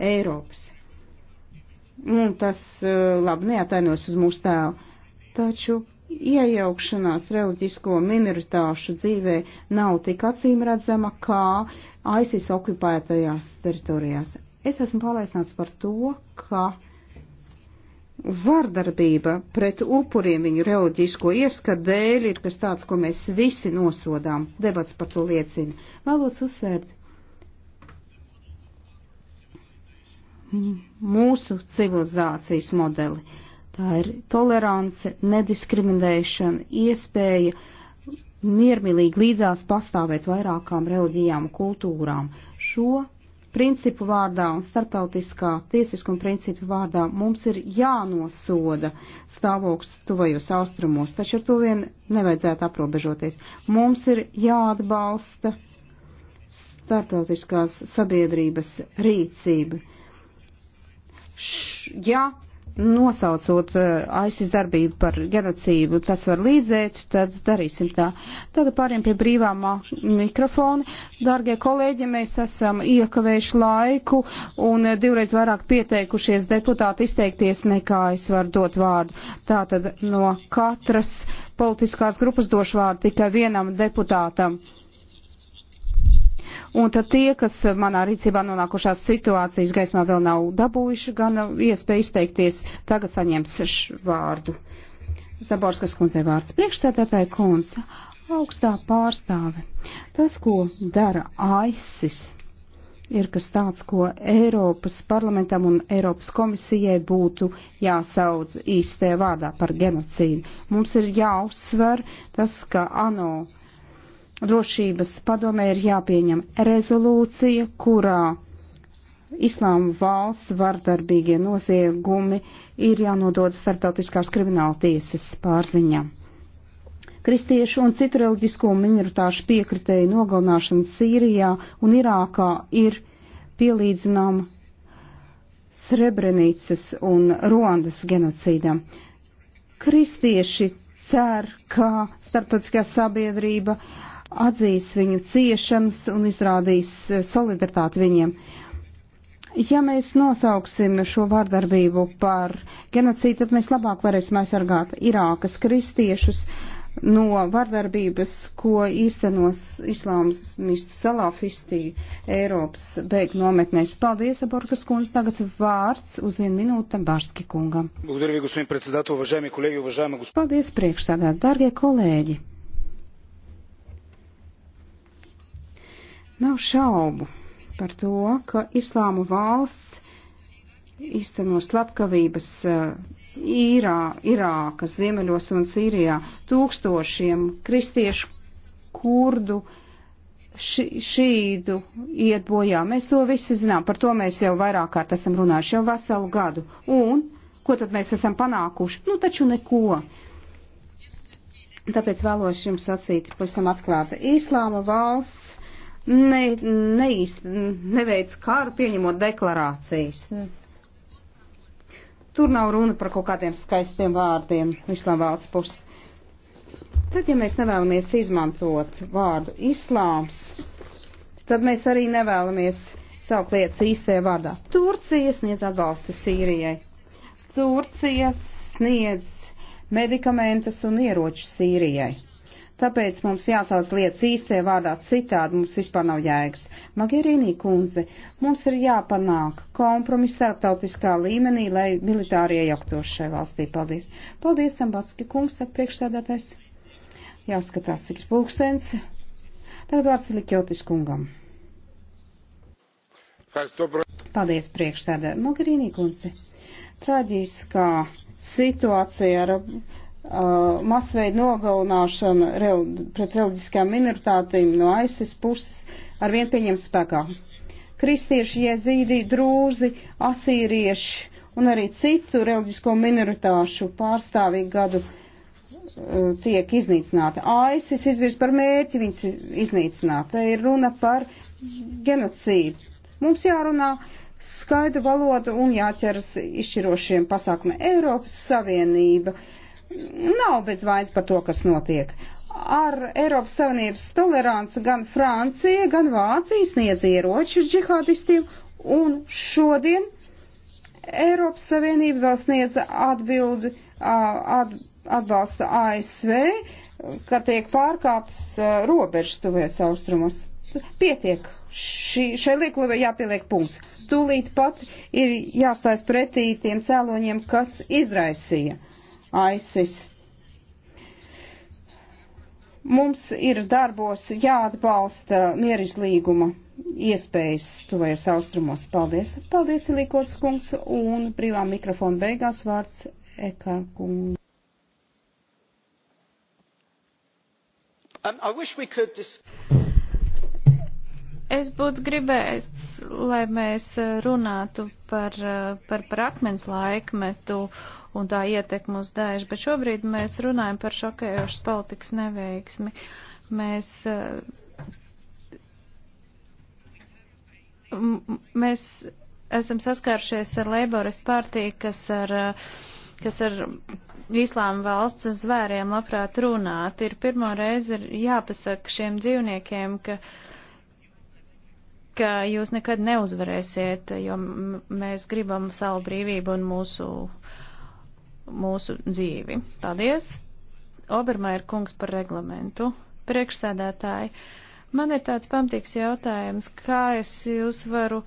Eiropas. Un tas e, labi neatainos uz mūsu tēlu. Taču iejaukšanās reliģisko minoritāšu dzīvē nav tik acīm redzama kā ISIS okupētajās teritorijās. Es esmu pārliecināts par to, ka vardarbība pret upuriem viņu reliģisko ieskatu dēļ ir kas tāds, ko mēs visi nosodām. Debats par to liecina. Vēlos uzsvērt mūsu civilizācijas modeli. Tā ir tolerance, nediskriminēšana, iespēja miermīlīgi līdzās pastāvēt vairākām reliģijām, kultūrām. Šo principu vārdā un starptautiskā tiesiskuma principu vārdā mums ir jānosoda stāvoklis tuvajos austrumos, taču ar to vien nevajadzētu aprobežoties. Mums ir jāatbalsta starptautiskās sabiedrības rīcība. Š, ja nosaucot eh, ASIS darbību par genocīdu, tas var līdzēt, tad darīsim tā. Tad pāriem pie brīvā mikrofona. Dārgie kolēģi, mēs esam iekavējuši laiku un eh, divreiz vairāk pieteikušies deputāti izteikties, nekā es varu dot vārdu. Tātad no katras politiskās grupas došu vārdu tikai vienam deputātam. Un tad tie, kas manā rīcībā nonākušās situācijas gaismā vēl nav dabūjuši, gan iespēja izteikties, tagad saņems vārdu. Zaborskas kundzei vārds priekšsēdētāja kundze, augstā pārstāve. Tas, ko dara ASIS, ir kas tāds, ko Eiropas parlamentam un Eiropas komisijai būtu jāsauc īstajā vārdā par genocīdu. Mums ir jāuzsver tas, ka ANO drošības padomē ir jāpieņem rezolūcija, kurā islāma valsts vardarbīgie noziegumi ir jānodod starptautiskās krimināla tiesas pārziņā. Kristiešu un citu reliģisko minoritāšu piekritēju nogalināšana Sīrijā un Irākā ir pielīdzināma Srebrenicas un Ruandas genocīdam. Kristieši cer, ka starptautiskā sabiedrība uh, atzīs viņu ciešanas un izrādīs e, solidaritāti viņiem. Ja mēs nosauksim šo vārdarbību par genocīdu, tad mēs labāk varēsim aizsargāt Irākas kristiešus no vardarbības, ko īstenos islāmistu salafistī Eiropas beigu nometnēs. Paldies, Aborkas kundze. Tagad vārds uz vienu minūtu Barski kungam. Paldies, priekšsēdēt, dargie kolēģi! Nav šaubu par to, ka islāma valsts īsteno slepkavības eh, īrā, Irākas, Ziemeļos un Sīrijā tūkstošiem kristiešu, kurdu, ši, šīdu iet bojā. Mēs to visi zinām, par to mēs jau vairāk kārt esam runājuši, jau veselu gadu. Un ko tad mēs esam panākuši? Nu, taču neko. Tāpēc vēlos jums sacīt, pavisam atklāti, Īslāma valsts ne, neīst, neveic kāru pieņemot deklarācijas. Tur nav runa par kaut kādiem skaistiem vārdiem islām valsts puses. Tad, ja mēs nevēlamies izmantot vārdu islāms, tad mēs arī nevēlamies saukt lietas īstajā vārdā. Turcija sniedz atbalstu Sīrijai. Turcija sniedz medikamentus un ieroči Sīrijai. Tāpēc mums jāsauc lietas īstajā vārdā citādi, mums vispār nav jēgas. Magierīnī kundze, mums ir jāpanāk kompromis starptautiskā līmenī, lai militāri iejauktos šai valstī. Paldies. Paldies, Sambatski kungs, priekšsēdētājs. Jāskatās, cik ir pulkstens. Tagad vārds Likjotis kungam. Paldies, priekšsēdētāji. Magierīnī kundze, traģiskā situācija ar uh, masveida nogalināšana rel pret reliģiskām minoritātīm no aizsis puses ar vien pieņem spēkā. Kristieši, jezīdi, drūzi, asīrieši un arī citu reliģisko minoritāšu pārstāvīgi gadu uh, tiek iznīcināti. ASIS izvirs par mērķi viņus iznīcināt. Te ir runa par genocīdu. Mums jārunā skaidru valodu un jāķeras izšķirošiem pasākumiem. Eiropas Savienība uh, nav bez vainas par to, kas notiek. Ar Eiropas Savienības toleranci gan Francija, gan Vācija sniedz ieročus džihadistiem, un šodien Eiropas Savienība vēl sniedz atbildi, at, atbalsta ASV, ka tiek pārkāptas robežas tuvies austrumos. Pietiek, Šī, šai liekluvē jāpieliek punkts. Tūlīt pat ir jāstājas pretī tiem cēloņiem, kas izraisīja uh, ISIS. Mums ir darbos jāatbalsta mierizlīguma iespējas tuvējos austrumos. Paldies. Paldies, Ilīkots kungs, un privā mikrofona beigās vārds Ekar kungs. Um, es būtu gribējis, lai mēs uh, runātu par, uh, par, par akmens laikmetu un tā ietekmu uz dēžu, bet šobrīd mēs runājam par šokējošas politikas neveiksmi. Mēs, uh, mēs esam saskāršies ar Leiboras partiju, kas ar, uh, kas ar islāma valsts un zvēriem labprāt runāt. Ir pirmo reizi jāpasaka šiem dzīvniekiem, ka ka jūs nekad neuzvarēsiet, jo mēs gribam savu brīvību un mūsu uh, mūsu dzīvi. Paldies! Obermair kungs par reglamentu. Priekšsēdētāji, man ir tāds pamatīgs jautājums, kā es jūs varu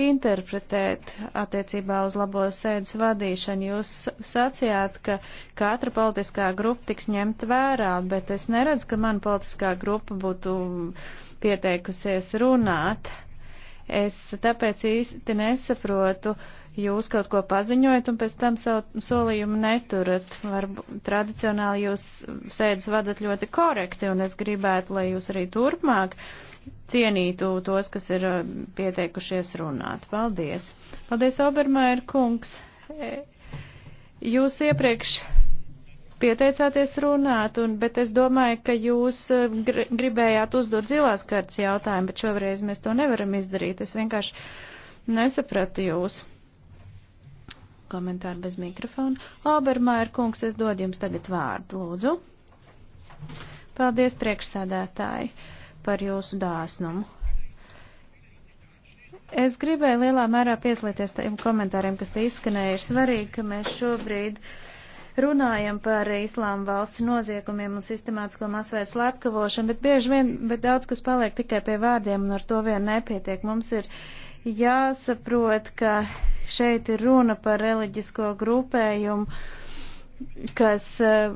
interpretēt attiecībā uz labo sēdes vadīšanu. Jūs sacījāt, ka katra politiskā grupa tiks ņemta vērā, bet es neredzu, ka mana politiskā grupa būtu pieteikusies runāt. Es tāpēc īsti nesaprotu, uh, jūs kaut ko paziņojat un pēc tam savu solījumu neturat. Varbūt tradicionāli jūs sēdes vadat ļoti korekti un es gribētu, lai jūs arī turpmāk cienītu tos, kas ir uh, pieteikušies runāt. Paldies. Paldies, Obermaier kungs. E, jūs iepriekš pieteicāties runāt, un, bet es domāju, ka jūs uh, gribējāt uzdot zilās kartas jautājumu, bet šoreiz mēs to nevaram izdarīt. Es vienkārši nesapratu jūs komentāru bez mikrofona. Obermaier kungs, es dod jums tagad vārdu, lūdzu. Paldies priekšsādātāji par jūsu dāsnumu. Es gribēju lielā mērā pieslieties tiem komentāriem, kas te izskanēja. Ir svarīgi, ka mēs šobrīd runājam par islāma valsts noziegumiem un sistemātisko masveidu slepkavošanu, bet bieži vien, bet daudz kas paliek tikai pie vārdiem un ar to vien nepietiek. Mums ir uh, Jāsaprot, ka šeit ir runa par reliģisko grupējumu, kas eh,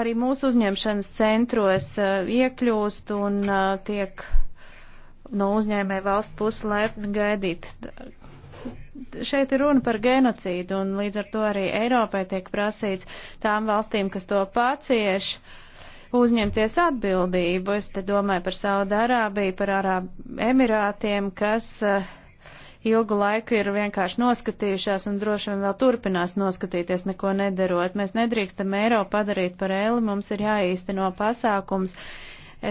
arī mūsu uzņemšanas centros eh, iekļūst un eh, tiek no uzņēmē valsts puses laipni gaidīt. Šeit ir runa par genocīdu, un līdz ar to arī Eiropai tiek prasīts tām valstīm, kas to pacieš, uh, uzņemties atbildību. Es te domāju par Saudārābiju, par Arābu Emirātiem, kas eh, ilgu laiku ir vienkārši noskatījušās un droši vien vēl turpinās noskatīties, neko nedarot. Mēs nedrīkstam eiro padarīt par eli, mums ir jāīsteno pasākums.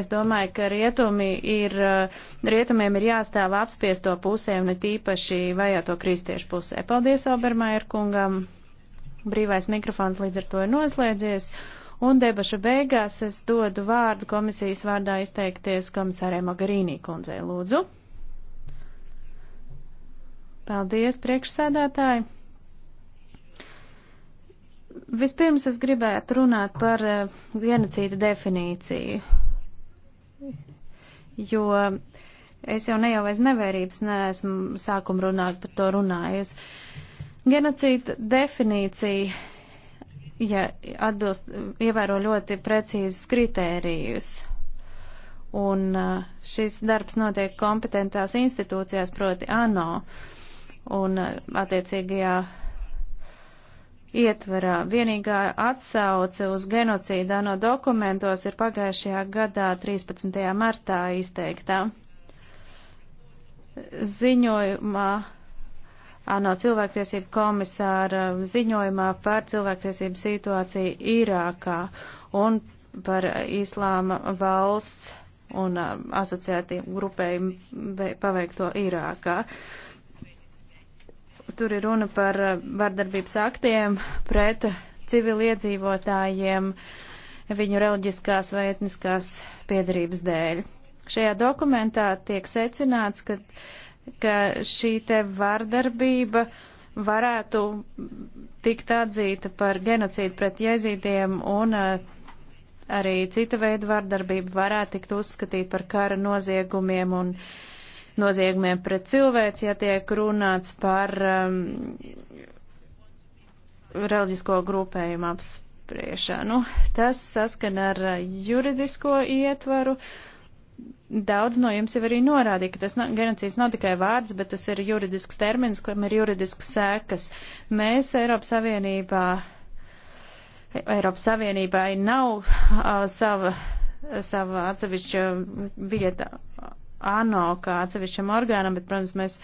Es domāju, ka rietumi ir, eh, rietumiem ir jāstāv apspiesto pusē un it īpaši vajāto kristiešu pusē. Paldies, Obermaier kungam! Brīvais mikrofons līdz ar to ir noslēdzies. Un debašu beigās es dodu vārdu komisijas vārdā izteikties komisārē Magarīnī kundzei. Lūdzu. Paldies, priekšsēdētāji. Vispirms es gribētu runāt par eh, genocīda definīciju, jo es jau ne jau aiz nevērības neesmu sākumu runāt par to runājies. Genocīda definīcija ja atbilst, ievēro ļoti precīzus kritērijus. Un uh, šis darbs notiek kompetentās institūcijās, proti ANO un uh, attiecīgajā ietverā. Vienīgā atsauce uz genocīdu ANO dokumentos ir pagājušajā gadā 13. martā izteiktā ziņojumā ANO cilvēktiesību komisāra ziņojumā par cilvēktiesību situāciju Irākā un par Īslāma valsts un um, asociētiem grupējumu paveikto Irākā. Tur ir runa par uh, vardarbības aktiem pret civiliedzīvotājiem viņu reliģiskās vai etniskās piedarības dēļ. Šajā dokumentā tiek secināts, ka uh, ka šī te vardarbība varētu tikt atzīta par genocīdu pret jezīdiem un eh, arī cita veida vardarbība varētu tikt uzskatīta par kara noziegumiem un noziegumiem pret cilvēci, ja tiek runāts par um, reliģisko grupējumu apspriešanu. Tas saskan ar juridisko ietvaru. Uh, daudz no jums jau arī norādīja, ka tas nav, genocīds nav tikai vārds, bet tas ir juridisks termins, kuram ir juridisks sēkas. Mēs Eiropas Savienībā, Eiropas Savienībai nav uh, sava, sava atsevišķa vieta ANO kā atsevišķam orgānam, bet, protams, mēs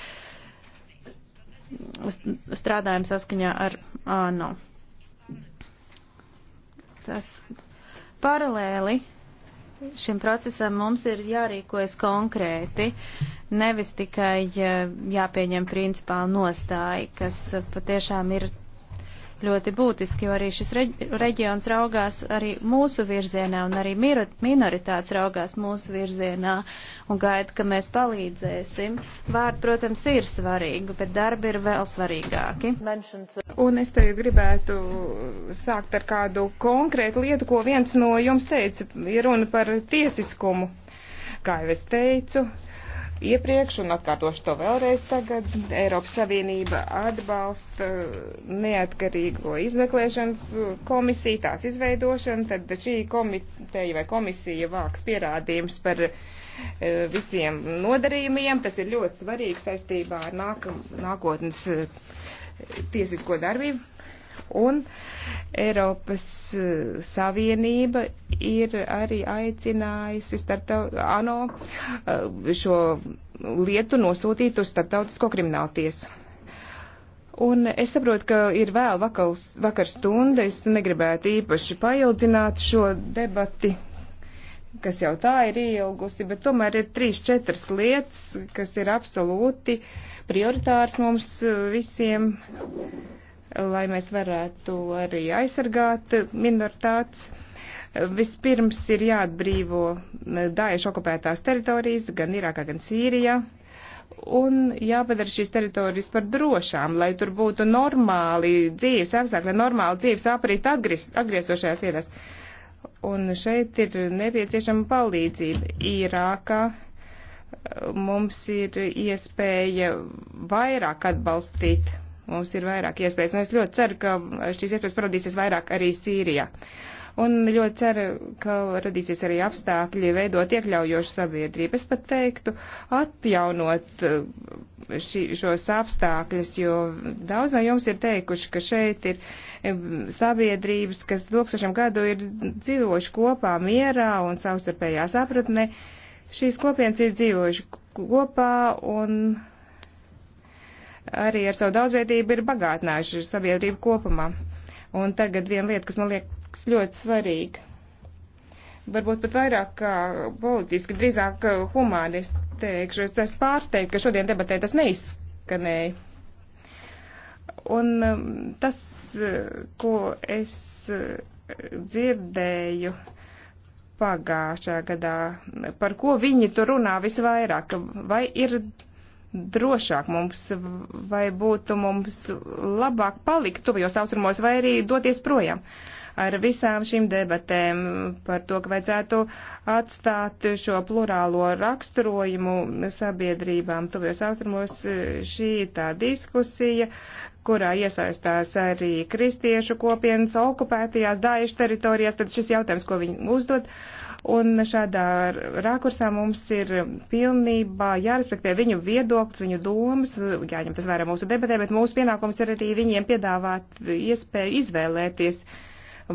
strādājam saskaņā ar ANO. Tas paralēli šim procesam mums ir jārīkojas konkrēti, nevis tikai eh, jāpieņem principāli nostāja, kas patiešām ir ļoti būtiski, jo arī šis reģions raugās arī mūsu virzienā un arī minoritātes raugās mūsu virzienā un gaida, ka mēs palīdzēsim. Vārdi, protams, ir svarīgi, bet darbi ir vēl svarīgāki. Un es tagad gribētu sākt ar kādu konkrētu lietu, ko viens no jums teica, ir runa par tiesiskumu. Kā jau es teicu, iepriekš un atkārtošu to vēlreiz tagad. Eiropas Savienība atbalsta uh, neatkarīgo izmeklēšanas uh, komisiju, tās izveidošanu, tad šī komiteja vai komisija vāks pierādījums par uh, visiem nodarījumiem. Tas ir ļoti svarīgi saistībā ar nāk, nākotnes tiesisko darbību. Un Eiropas e, Savienība ir arī aicinājusi ANO e, šo lietu nosūtīt uz starptautisko kriminālu tiesu. Un es saprotu, ka ir vēl vakals, vakar stunda, es negribētu īpaši paildzināt šo debati, kas jau tā ir ielgusi, bet tomēr ir trīs, četras lietas, kas ir absolūti prioritārs mums e, visiem. Uh, lai mēs varētu arī aizsargāt minoritātes. Vispirms ir jāatbrīvo Daiešu okupētās teritorijas, gan Irākā, gan Sīrijā un jāpadara šīs teritorijas par drošām, lai tur būtu normāli dzīves apstākļi, normāli dzīves aprīt atgriez, atgriezošajās vietās. Un šeit ir nepieciešama palīdzība. Irākā mums ir iespēja vairāk atbalstīt Mums ir vairāk iespējas, un es ļoti ceru, ka šīs iespējas parādīsies vairāk arī Sīrijā. Un ļoti ceru, ka radīsies arī apstākļi veidot iekļaujošu sabiedrību. Es pat teiktu, atjaunot eh, ši, šos apstākļus, jo daudz no jums ir teikuši, ka šeit ir eh, sabiedrības, kas tūkstošiem gadu ir dzīvojuši kopā mierā un savstarpējā sapratnē. Šīs kopienas ir dzīvojuši kopā un arī ar savu daudzveidību ir bagātinājuši sabiedrību kopumā. Un tagad viena lieta, kas man liekas ļoti svarīga, varbūt pat vairāk kā politiski, drīzāk humāniski teikšu, es esmu pārsteigta, ka šodien debatē tas neizskanēja. Un um, tas, uh, ko es uh, dzirdēju pagājušajā gadā, par ko viņi tur runā visvairāk, vai ir drošāk mums, vai būtu mums labāk palikt tuvajos austrumos, vai arī doties projām ar visām šīm debatēm par to, ka vajadzētu atstāt šo plurālo raksturojumu sabiedrībām tuvajos austrumos. Šī tā diskusija, kurā iesaistās arī kristiešu kopienas okupētajās dājušu teritorijās, tad šis jautājums, ko viņi uzdod, uh, Un šādā rākursā mums ir pilnībā jārespektē viņu viedoklis, viņu domas, jāņem tas vērā mūsu debatē, bet mūsu pienākums ir arī viņiem piedāvāt iespēju izvēlēties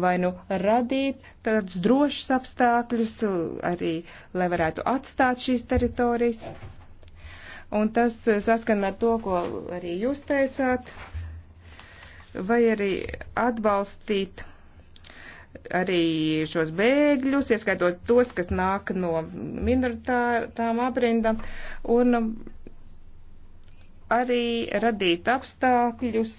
vai nu radīt tādus drošus apstākļus, arī lai varētu atstāt šīs teritorijas. Un tas saskan ar to, ko arī jūs teicāt, vai arī atbalstīt arī šos bēgļus, ieskaitot tos, kas nāk no minoritārām aprindām. Un arī radīt apstākļus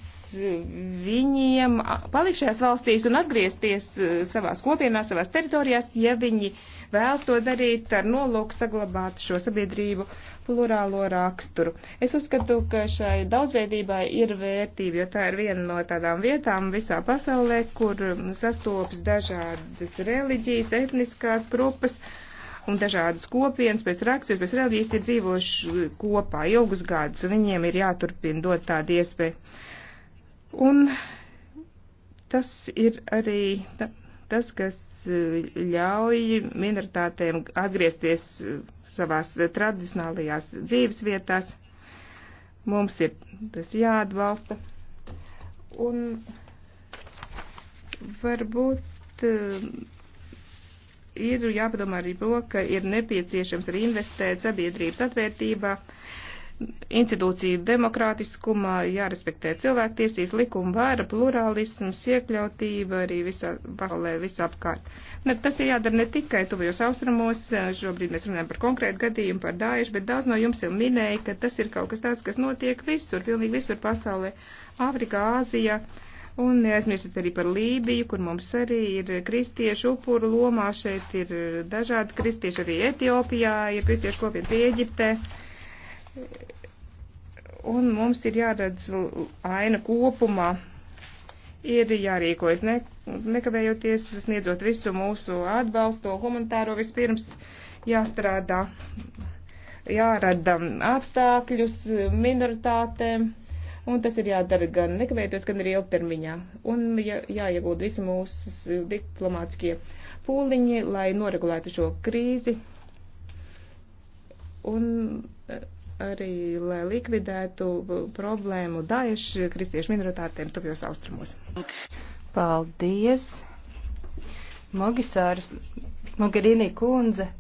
viņiem palikt šajās valstīs un atgriezties eh, savās kopienās, savās teritorijās, ja viņi vēlas to darīt ar nolūku saglabāt šo sabiedrību plurālo raksturu. Es uzskatu, ka šai daudzveidībai ir vērtība, jo tā ir viena no tādām vietām visā pasaulē, kur sastopas dažādas reliģijas, etniskās grupas. Uh, un dažādas kopienas pēc rakstures, pēc reliģijas ir dzīvojuši kopā ilgus gadus, un viņiem ir jāturpina dot tādu iespēju. Un tas ir arī tas, kas eh, ļauj minoritātēm atgriezties eh, savās tradicionālajās dzīves vietās. Mums ir tas jāatbalsta. Un varbūt eh, ir jāpadomā arī to, ka ir nepieciešams arī investēt sabiedrības atvērtībā, institūciju demokrātiskumā, jārespektē cilvēktiesīs, likuma vara, plurālisms, iekļautība arī visā pasaulē, visapkārt. Ne, nu, tas ir jādara ne tikai tuvajos austrumos, šobrīd mēs runājam par konkrētu gadījumu, par dājušu, bet daudz no jums jau minēja, ka tas ir kaut kas tāds, kas notiek visur, pilnīgi visur pasaulē, Āfrikā, Āzijā Un neaizmirstiet arī par Lībiju, kur mums arī ir kristiešu upuru lomā, šeit ir dažādi kristieši arī Etiopijā, ir kristiešu kopienas Ēģiptē. Un mums ir jāredz aina kopumā, ir jārīkojas ne, nekavējoties, sniedzot visu mūsu atbalstu, humanitāro vispirms jāstrādā, jārada apstākļus minoritātēm Un tas ir jādara gan nekavējoties, gan arī ilgtermiņā. Un jā, jāiegūt visi mūsu diplomātskie pūliņi, lai noregulētu šo krīzi. Un eh, arī, lai likvidētu problēmu daiešu kristiešu minoritātēm tuvjos austrumos. Paldies! Mogisārs, Mogherini kundze.